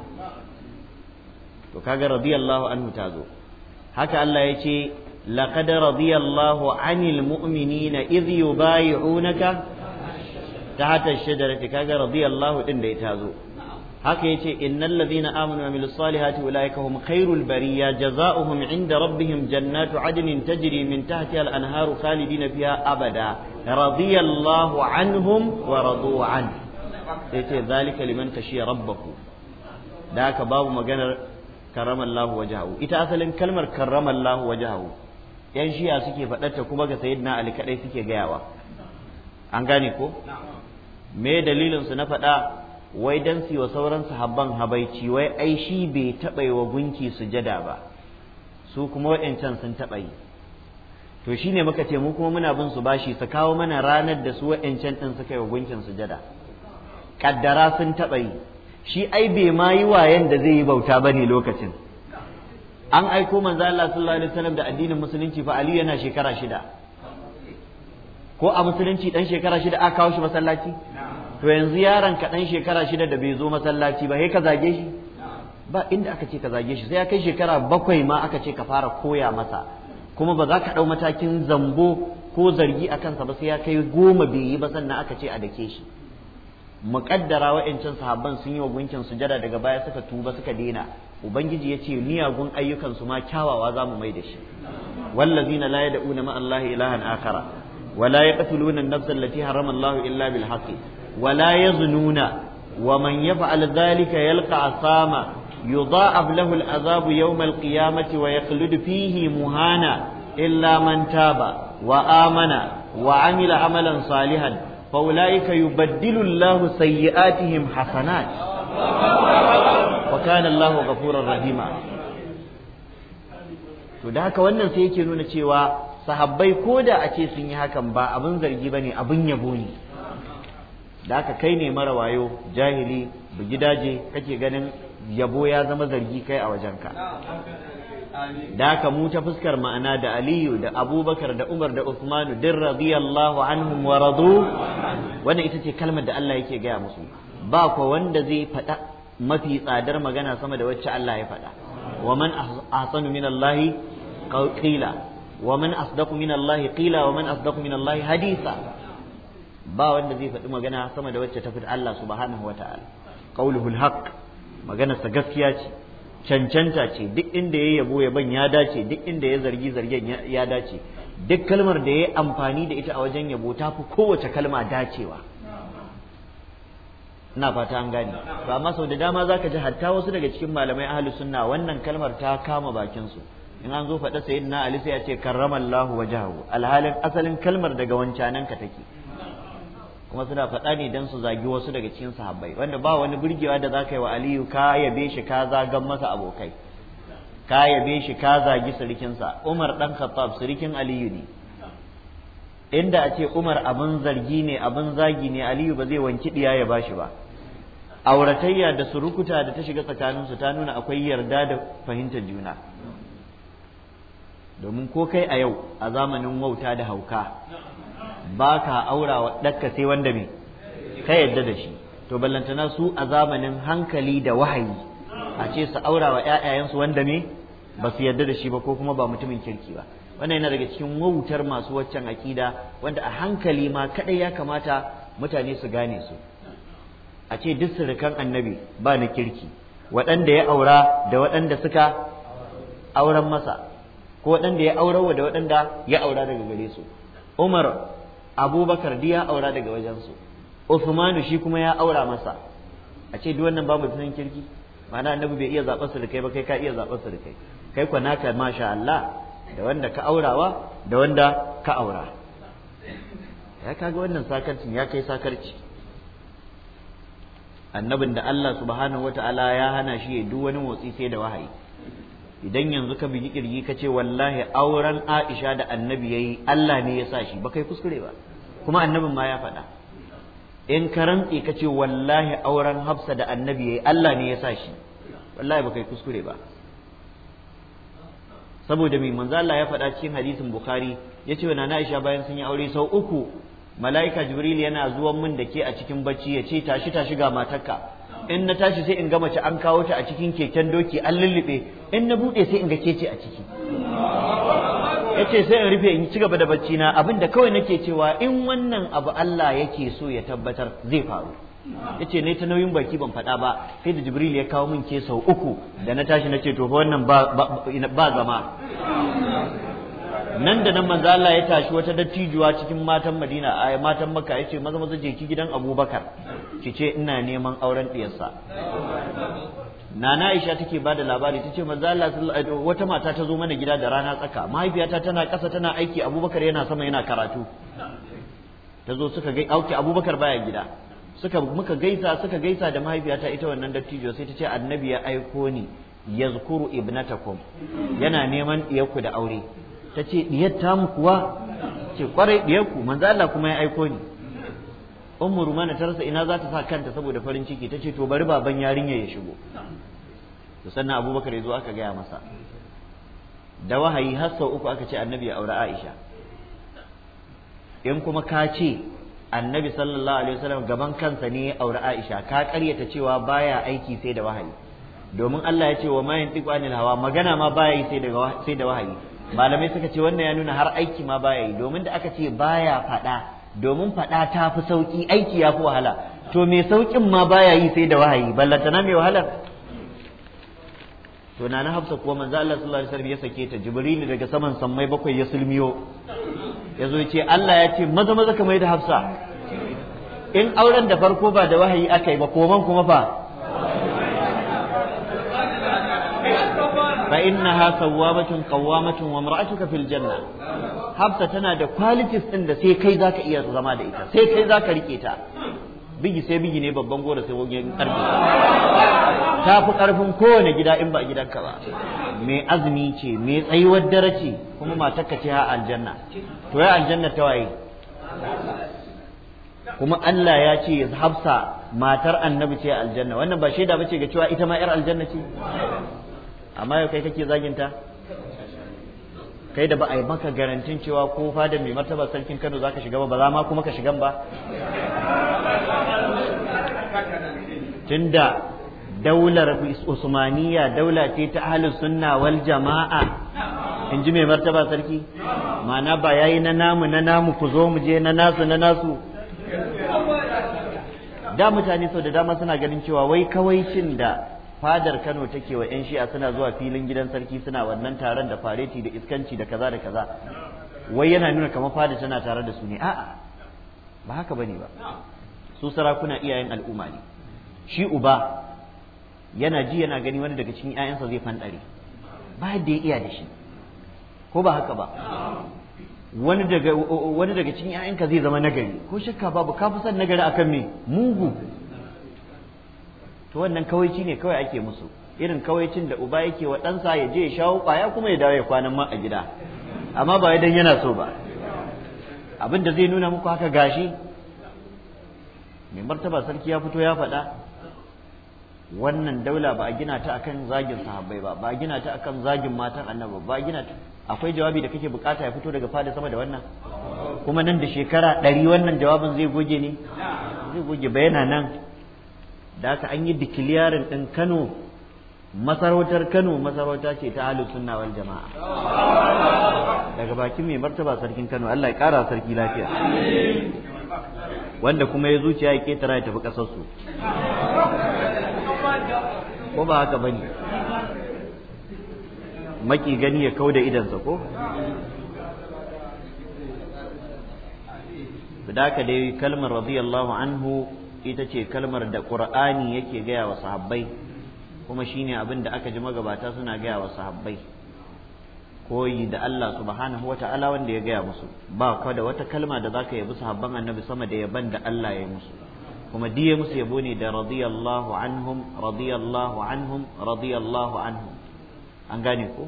Speaker 1: to kaga radiyallahu anhu tazo haka Allah yace لقد رضي الله عن المؤمنين إذ يبايعونك تحت الشجرة كذا رضي الله إن ديتازو haka yace innal ladhina amanu wa amilus salihati ulaika hum khairul bariya jazaohum inda rabbihim jannatu adnin tajri min tahtiha al anharu khalidina fiha abada radiyallahu anhum wa radu an yace zalika liman khashiya rabbahu da aka babu maganar karamallahu wajahu ita asalin kalmar karamallahu wajahu yan shiya suke faɗarta kuma ga sayyidina ali kadai suke gayawa an gane ko me dalilin su na faɗa wai dan su wa sauran sahabban habaici wai ai shi bai taɓa wa gunki sujada ba su kuma waɗancan sun taɓa yi to shine muka ce mu kuma muna bin su bashi su kawo mana ranar da su waɗancan ɗin suka yi wa gunkin sujada kaddara sun taɓa yi shi ai bai ma yi wayan da zai yi bauta bane lokacin an aiko manzo Allah sallallahu alaihi wasallam da addinin musulunci fa Ali yana shekara shida ko a musulunci dan shekara shida aka kawo shi masallaci to yanzu yaron ka dan shekara shida da bai zo masallaci ba sai ka zage shi ba inda aka ce ka zage shi sai ya kai shekara bakwai ma aka ce ka fara koya masa kuma ba za ka dau matakin zambo ko zargi a kansa ba sai ya kai goma bai yi ba sannan aka ce a dake shi muƙaddara wa'incan sahabban sun yi wa gunkin sujada daga baya suka tuba suka daina ubangiji ya ce miyagun ayyukansu ma kyawawa za mu mai da shi wallazina la yad'una ma allahi ilahan akhara wa la yaqtuluna an-nafsa allati harama allah illa bil haqqi wa yaznuna wa man yaf'al dhalika yalqa asama yudha'af lahu al-'adhabu yawm al-qiyamati wa yakhlud fihi muhana illa man taba wa amana wa 'amila 'amalan salihan fa ulaika yubaddilu allah sayyi'atihim hasanat wa kana Allahu ghafurur to da haka wannan sai yake nuna cewa sahabbai ko da a ce sun yi hakan ba abin zargi bane abin yabo ne da haka kai ne mara wayo jahili gidaje kake ganin yabo ya zama zargi kai a wajenka da haka mu ta fuskar ma'ana da aliyu da abubakar da umar da usmanu din radiyallahu anhum wa radu wannan ita ce kalmar da allah yake gaya musu ba kwa wanda zai faɗa mafi tsadar magana sama da wacce Allah ya faɗa wa man ah, ahsanu min Allah qila wa man asdaqu min Allah qila wa man asdaqu min Allah hadisa ba wanda zai faɗi magana sama da wacce ta fita Allah subhanahu wa ta'ala qauluhul haqq maganarsa gaskiya ce cancanta ce duk inda ya yabo yaban ya dace duk inda ya zargi zargen ya dace duk kalmar da ya amfani da ita a wajen yabo ta fi kowace kalma dacewa ina fata an gane ba amma sau da dama zaka ji hatta wasu daga cikin malamai ahlus sunna wannan kalmar ta kama bakin su in an zo faɗa sayyidina ali sai ya ce karramallahu wajahu alhalin asalin kalmar daga wancanan ka take kuma suna faɗa ne dan su zagi wasu daga cikin sahabbai wanda ba wani burgewa da zaka yi wa aliyu ka yabe shi ka zagan masa abokai ka yabe shi ka zagi sa umar dan khattab surikin aliyu ne inda a ce umar abin zargi ne abin zagi ne aliyu ba zai wanki diya ya bashi ba auratayya da surukuta da ta shiga tsakaninsu ta nuna akwai yarda da fahimtar juna domin ko kai a yau a zamanin wauta da hauka ba ka aura wa ɗakka sai wanda mai ka yarda da shi to ballantana su a zamanin hankali da wahayi a ce su aura wa ‘ya'yayensu wanda mai ba su yarda da shi ba ko kuma ba mutumin kirki ba wannan yana daga cikin wautar masu waccan aƙida wanda a hankali ma kaɗai ya kamata mutane su gane su a ce duk surukan annabi ba na kirki waɗanda ya aura da waɗanda suka auren masa ko waɗanda ya wa da waɗanda ya aura daga gare su umar abubakar ya aura daga wajensu Uthmanu shi kuma ya aura masa a ce duk wannan babu sunan kirki ma'ana annabi bai iya zaɓar surukai ba kai ka iya zaɓar surukai kai kwa naka masha Allah da wanda ka aurawa da wanda ka aura ya kaga wannan sakarci ya kai sakarci annabin da Allah subhanahu ta’ala ya hana shi ya duk wani motsi sai da wahayi idan yanzu ka bigi kirgi ka ce wallahi auren Aisha da annabi ya yi Allah ne ya sa shi ba kai kuskure ba kuma annabin ma ya faɗa in ka rantse ka ce wallahi auren Hafsa da annabi ya yi Allah ne ya sa shi wallahi ba kai kuskure ba saboda mai manzo Allah ya faɗa cikin hadisin Bukhari ya ce wa Aisha bayan sun yi aure sau uku mala'ika jibril yana zuwan min da ke a cikin bacci ya ce tashi tashi ga matarka in na tashi sai in ga mace an kawo ta a cikin keken doki an lullube in na bude sai in ga kece a ciki ya sai in rufe in ci gaba da bacci na abinda kawai nake cewa in wannan abu Allah yake so ya tabbatar zai faru yace ce ne ta nauyin baki ban faɗa ba sai da jibril ya kawo min ke sau uku da na tashi na ce to wannan ba zama nan da nan manzo Allah ya tashi wata dattijuwa cikin matan Madina a matan Makka yace maza maza je ki gidan Abubakar ki ce ina neman auren diyarsa Nana Aisha take ba da labari tace manzo Allah wata mata ta zo mana gida da rana tsaka mahaifiyata tana ƙasa tana aiki Abubakar yana sama yana karatu ta zo suka ga auki Abubakar baya gida suka muka gaisa suka gaisa da mahaifiyata ita wannan dattijuwa sai ta ce annabi ya aiko ni yazkuru ibnatakum yana neman iyakku da aure ta ce diyar ta mu kuwa ce kwarai diyar ku manzo Allah kuma ya aiko ni ummu rumana ta rasa ina za ta sa kanta saboda farin ciki ta ce to bari baban yarinya ya shigo to sannan abubakar ya zo aka gaya masa da wahayi har sau uku aka ce annabi ya aure aisha in kuma ka ce annabi sallallahu alaihi wasallam gaban kansa ne ya aure aisha ka karyata cewa baya aiki sai da wahayi domin Allah ya ce wa mayin tiqanil hawa magana ma baya yi sai da wahayi malamai suka ce wannan ya nuna har aiki ma baya yi domin da aka ce baya faɗa domin faɗa ta fi sauƙi aiki ya fi wahala to me sauƙin ma baya yi sai da wahayi na mai wahalar to na na hafsa kuwa manzo Allah sallallahu alaihi wasallam ya sake ta jibrilu daga saman sammai bakwai ya sulmiyo ya zo ce Allah ya ce maza maza kamar da hafsa in auren da farko ba da wahayi aka yi ba koman kuma fa فإنها ثوابة قوامة وامرأتك في الجنة حفصة تنا دا qualities din da sai kai zaka iya zama da ita sai kai zaka rike ta bigi sai bigi ne babban gora sai wogin karfi ta fi karfin kowane gida in ba gidanka ba mai azumi ce mai tsayuwar dare ce kuma matarka ce ha aljanna to ya aljanna ta waye kuma Allah ya ce Hafsa matar annabi ce aljanna wannan ba shaida bace ga cewa ita ma yar aljanna ce amma yau kai kake zaginta kai da ba a yi maka garantin cewa ko fada mai martaba sarkin Kano za ka shiga ba ba za ma kuma ka shigan ba tunda daular usmaniya daula ce ta ahlus sunna wal jama'a in ji mai martaba sarki ma'ana ba yayi na namu na namu ku zo mu je na nasu na nasu da mutane sau da dama suna ganin cewa wai kawai kawaicin da fadar Kano take wa ƴan shi'a suna zuwa filin gidan sarki suna wannan taron da fareti da iskanci da kaza da kaza wai yana nuna kamar fada tana tare da su ne a'a ba haka bane ba su sarakuna iyayen al'umma ne shi uba yana ji yana gani wani daga cikin ƴaƴansa zai fanɗare ba yadda ya iya da shi ko ba haka ba wani daga wani daga cikin ƴaƴanka zai zama nagari ko shakka babu kafusan son nagari akan me mugu to wannan kawaici ne kawai ake musu irin kawaicin da uba yake wa ɗansa ya je ya shawo ƙwaya kuma ya dawo ya kwanan ma a gida amma ba idan yana so ba abin da zai nuna muku haka gashi mai martaba sarki ya fito ya faɗa wannan daula ba a gina ta akan zagin sahabbai ba ba a gina ta akan zagin matan annabi ba a gina ta akwai jawabi da kake bukata ya fito daga fada sama da wannan kuma nan da shekara ɗari wannan jawabin zai goge ne zai goge ba yana nan da aka an yi dikiliyarin ɗin Kano masarautar Kano masarauta ce ta ahlus sunna wal
Speaker 2: jama'a
Speaker 1: daga bakin mai martaba sarkin Kano Allah ya ƙara sarki lafiya wanda kuma ya zuciya ya ketara ya tafi ƙasar su ko ba haka bane
Speaker 2: maki gani ya kauda idansa ko
Speaker 1: da haka dai kalmar radiyallahu anhu ita ce kalmar da ƙur'ani yake gaya wa sahabbai kuma shine abin da aka ji magabata suna gaya wa sahabbai koyi da Allah subhanahu wata'ala wanda ya gaya musu ba ka da wata kalma da zaka yabi sahabban annabi sama da yaban da Allah ya musu kuma diye musu yabo ne da radiyallahu anhum radiyallahu anhum radiyallahu anhum an gane ko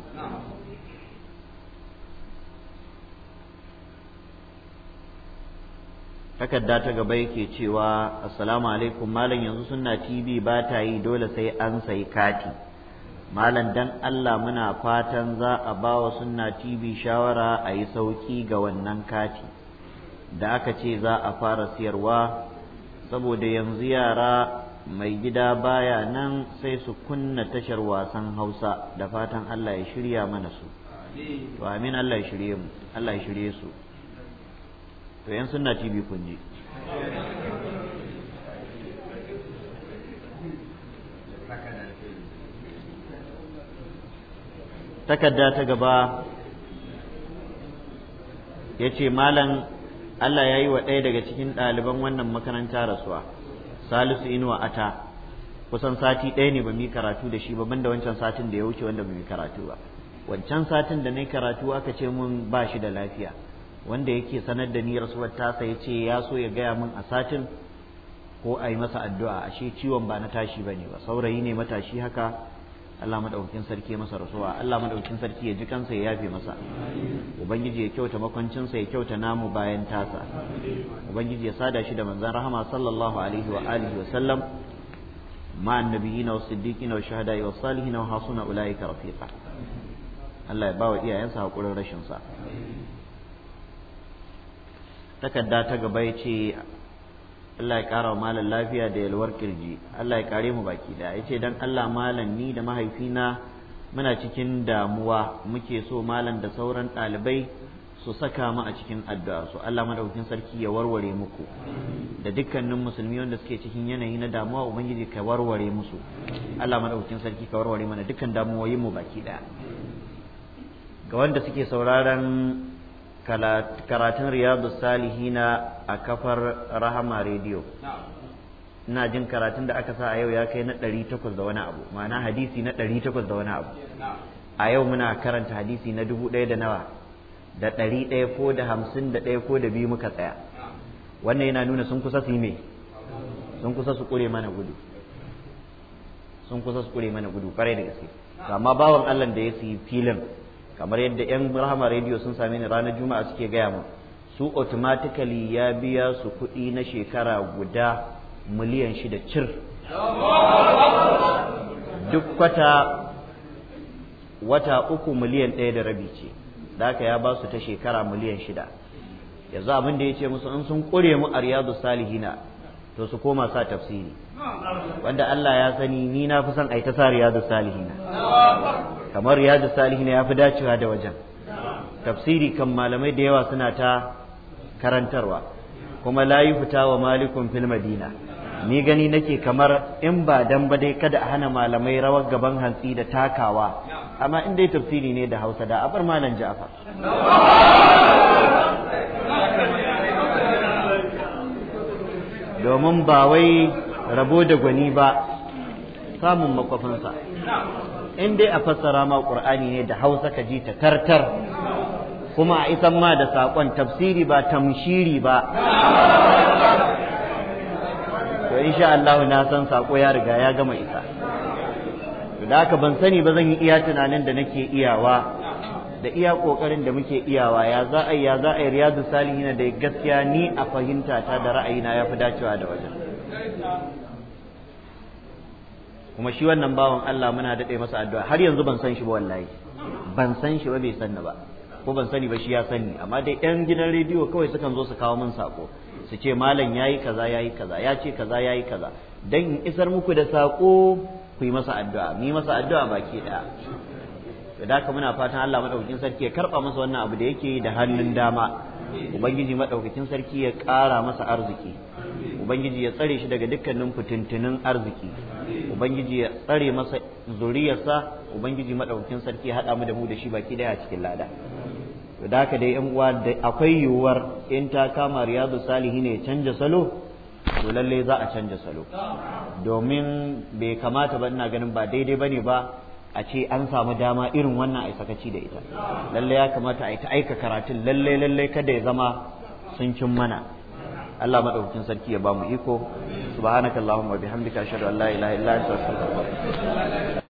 Speaker 1: takarda ta gaba yake cewa assalamu alaikum malam yanzu sunna tv ba ta yi dole sai an sayi kati malam dan allah muna fatan za a ba wa sunna tv shawara a yi sauki ga wannan kati da aka ce za a fara siyarwa saboda yanzu yara mai gida baya nan sai su kunna tashar wasan hausa da fatan allah ya shirya mana su to amin allah ya shirye mu allah ya shirye su to yan sunna tv kun je takarda ta gaba ya ce malam Allah ya yi wa ɗaya daga cikin ɗaliban wannan makaranta rasuwa salisu inuwa ata kusan sati ɗaya ne ba mu yi karatu da shi ba banda wancan satin da ya wuce wanda ba mu karatu ba wancan satin da na yi karatu aka ce mun ba shi da lafiya wanda yake sanar da ni rasuwar tasa ya ce ya so ya gaya min a satin ko a yi masa addu'a ashe ciwon ba na tashi ba ne ba saurayi ne matashi haka Allah madaukakin sarki masa rasuwa Allah madaukakin sarki ya ji kansa ya yafe masa ubangiji ya kyauta makwancinsa ya kyauta namu bayan tasa ubangiji ya sada shi da manzon rahama sallallahu alaihi wa alihi wa sallam ma annabiyina wa siddiqina wa shuhada'i wa salihina wa hasuna ulaika rafiqa Allah ya bawa iyayensa hakurin rashin sa takarda ta gaba ya ce Allah ya ƙara wa malam lafiya da yalwar kirji Allah ya kare mu baki da ya ce don Allah malam ni da mahaifina muna cikin damuwa muke so malam da sauran ɗalibai su saka mu a cikin addu'a su Allah madaukakin sarki ya warware muku da dukkanin musulmi wanda suke cikin yanayi na damuwa ubangiji ka warware musu Allah madaukakin sarki ka warware mana dukkan damuwoyin mu baki ɗaya ga wanda suke sauraron karatun riyadu salihina a kafar rahama rediyo ina jin karatun da aka sa a yau ya kai na ɗari takwas da wani abu ma'ana hadisi na ɗari takwas da wani abu a yau muna karanta hadisi na dubu ɗaya da nawa da ɗari ɗaya ko da hamsin da ɗaya ko da biyu muka tsaya wannan yana nuna sun kusa su yi me sun kusa su kure mana gudu sun kusa su kure mana gudu ƙwarai da gaske amma bawan allah da ya su yi filin kamar yadda yan rahama radio sun same ni ranar juma'a suke gaya mu su automatically ya biya su kuɗi na shekara guda miliyan shida cir duk kwata wata uku miliyan ɗaya da rabi ce da haka ya ba su ta shekara miliyan shida yanzu abin da ya ce musu in sun kure mu a riyadu salihina to su koma sa tafsiri wanda Allah ya sani ni na fi son ai ta sa riyadu salihin kamar riyadu salihin ya fi dacewa da wajen tafsiri kan malamai da yawa suna ta karantarwa kuma la fita wa malikun fil madina ni gani nake kamar in ba dan ba dai kada a hana malamai rawar gaban hantsi da takawa amma in dai tafsiri ne da hausa da abar malam ja'far domin ba wai rabo da gwani ba samun makwafinsa in dai a fassara ma ƙur'ani ne da hausa ka ji ta tartar kuma a isan ma da saƙon tafsiri ba tamshiri ba
Speaker 2: to insha Allah na san saƙo
Speaker 1: ya riga ya gama isa da haka ban sani ba zan yi iya tunanin da nake iyawa da iya kokarin da muke iyawa ya za a ya za a riyadu salihin da gaskiya ni a fahimta ta da ra'ayina ya fi dacewa da wajen kuma shi wannan bawan Allah muna daɗe masa addu'a har yanzu ban san shi ba wallahi ban san shi ba bai san ba ko ban sani ba shi ya sani amma dai yan gidan rediyo kawai sukan zo su kawo min sako su ce malam yayi kaza yayi kaza ya ce kaza yayi kaza dan in isar muku da sako ku yi masa addu'a ni masa addu'a baki ɗaya da haka muna fatan Allah madaukakin sarki ya karba masa wannan abu da yake da hannun dama ubangiji madaukakin sarki ya ƙara masa arziki ubangiji ya tsare shi daga dukkanin fitintunin arziki ubangiji ya tsare masa zuriyarsa ubangiji madaukakin sarki ya haɗa mu da mu da shi baki daya a cikin lada to da haka dai yan uwa akwai yiwuwar in ta kama riyadu salihi ne canja salo to lallai za a canja salo domin bai kamata ba ina ganin ba daidai bane ba a ce an samu dama irin wannan ai sakaci da ita lalle ya kamata a yi ta aika karatun lalle lalle kada ya zama sun kin mana Allah madaukakin sarki ya bamu iko subhanakallahumma bihamdika ashhadu an la ilaha illa anta
Speaker 2: astaghfiruka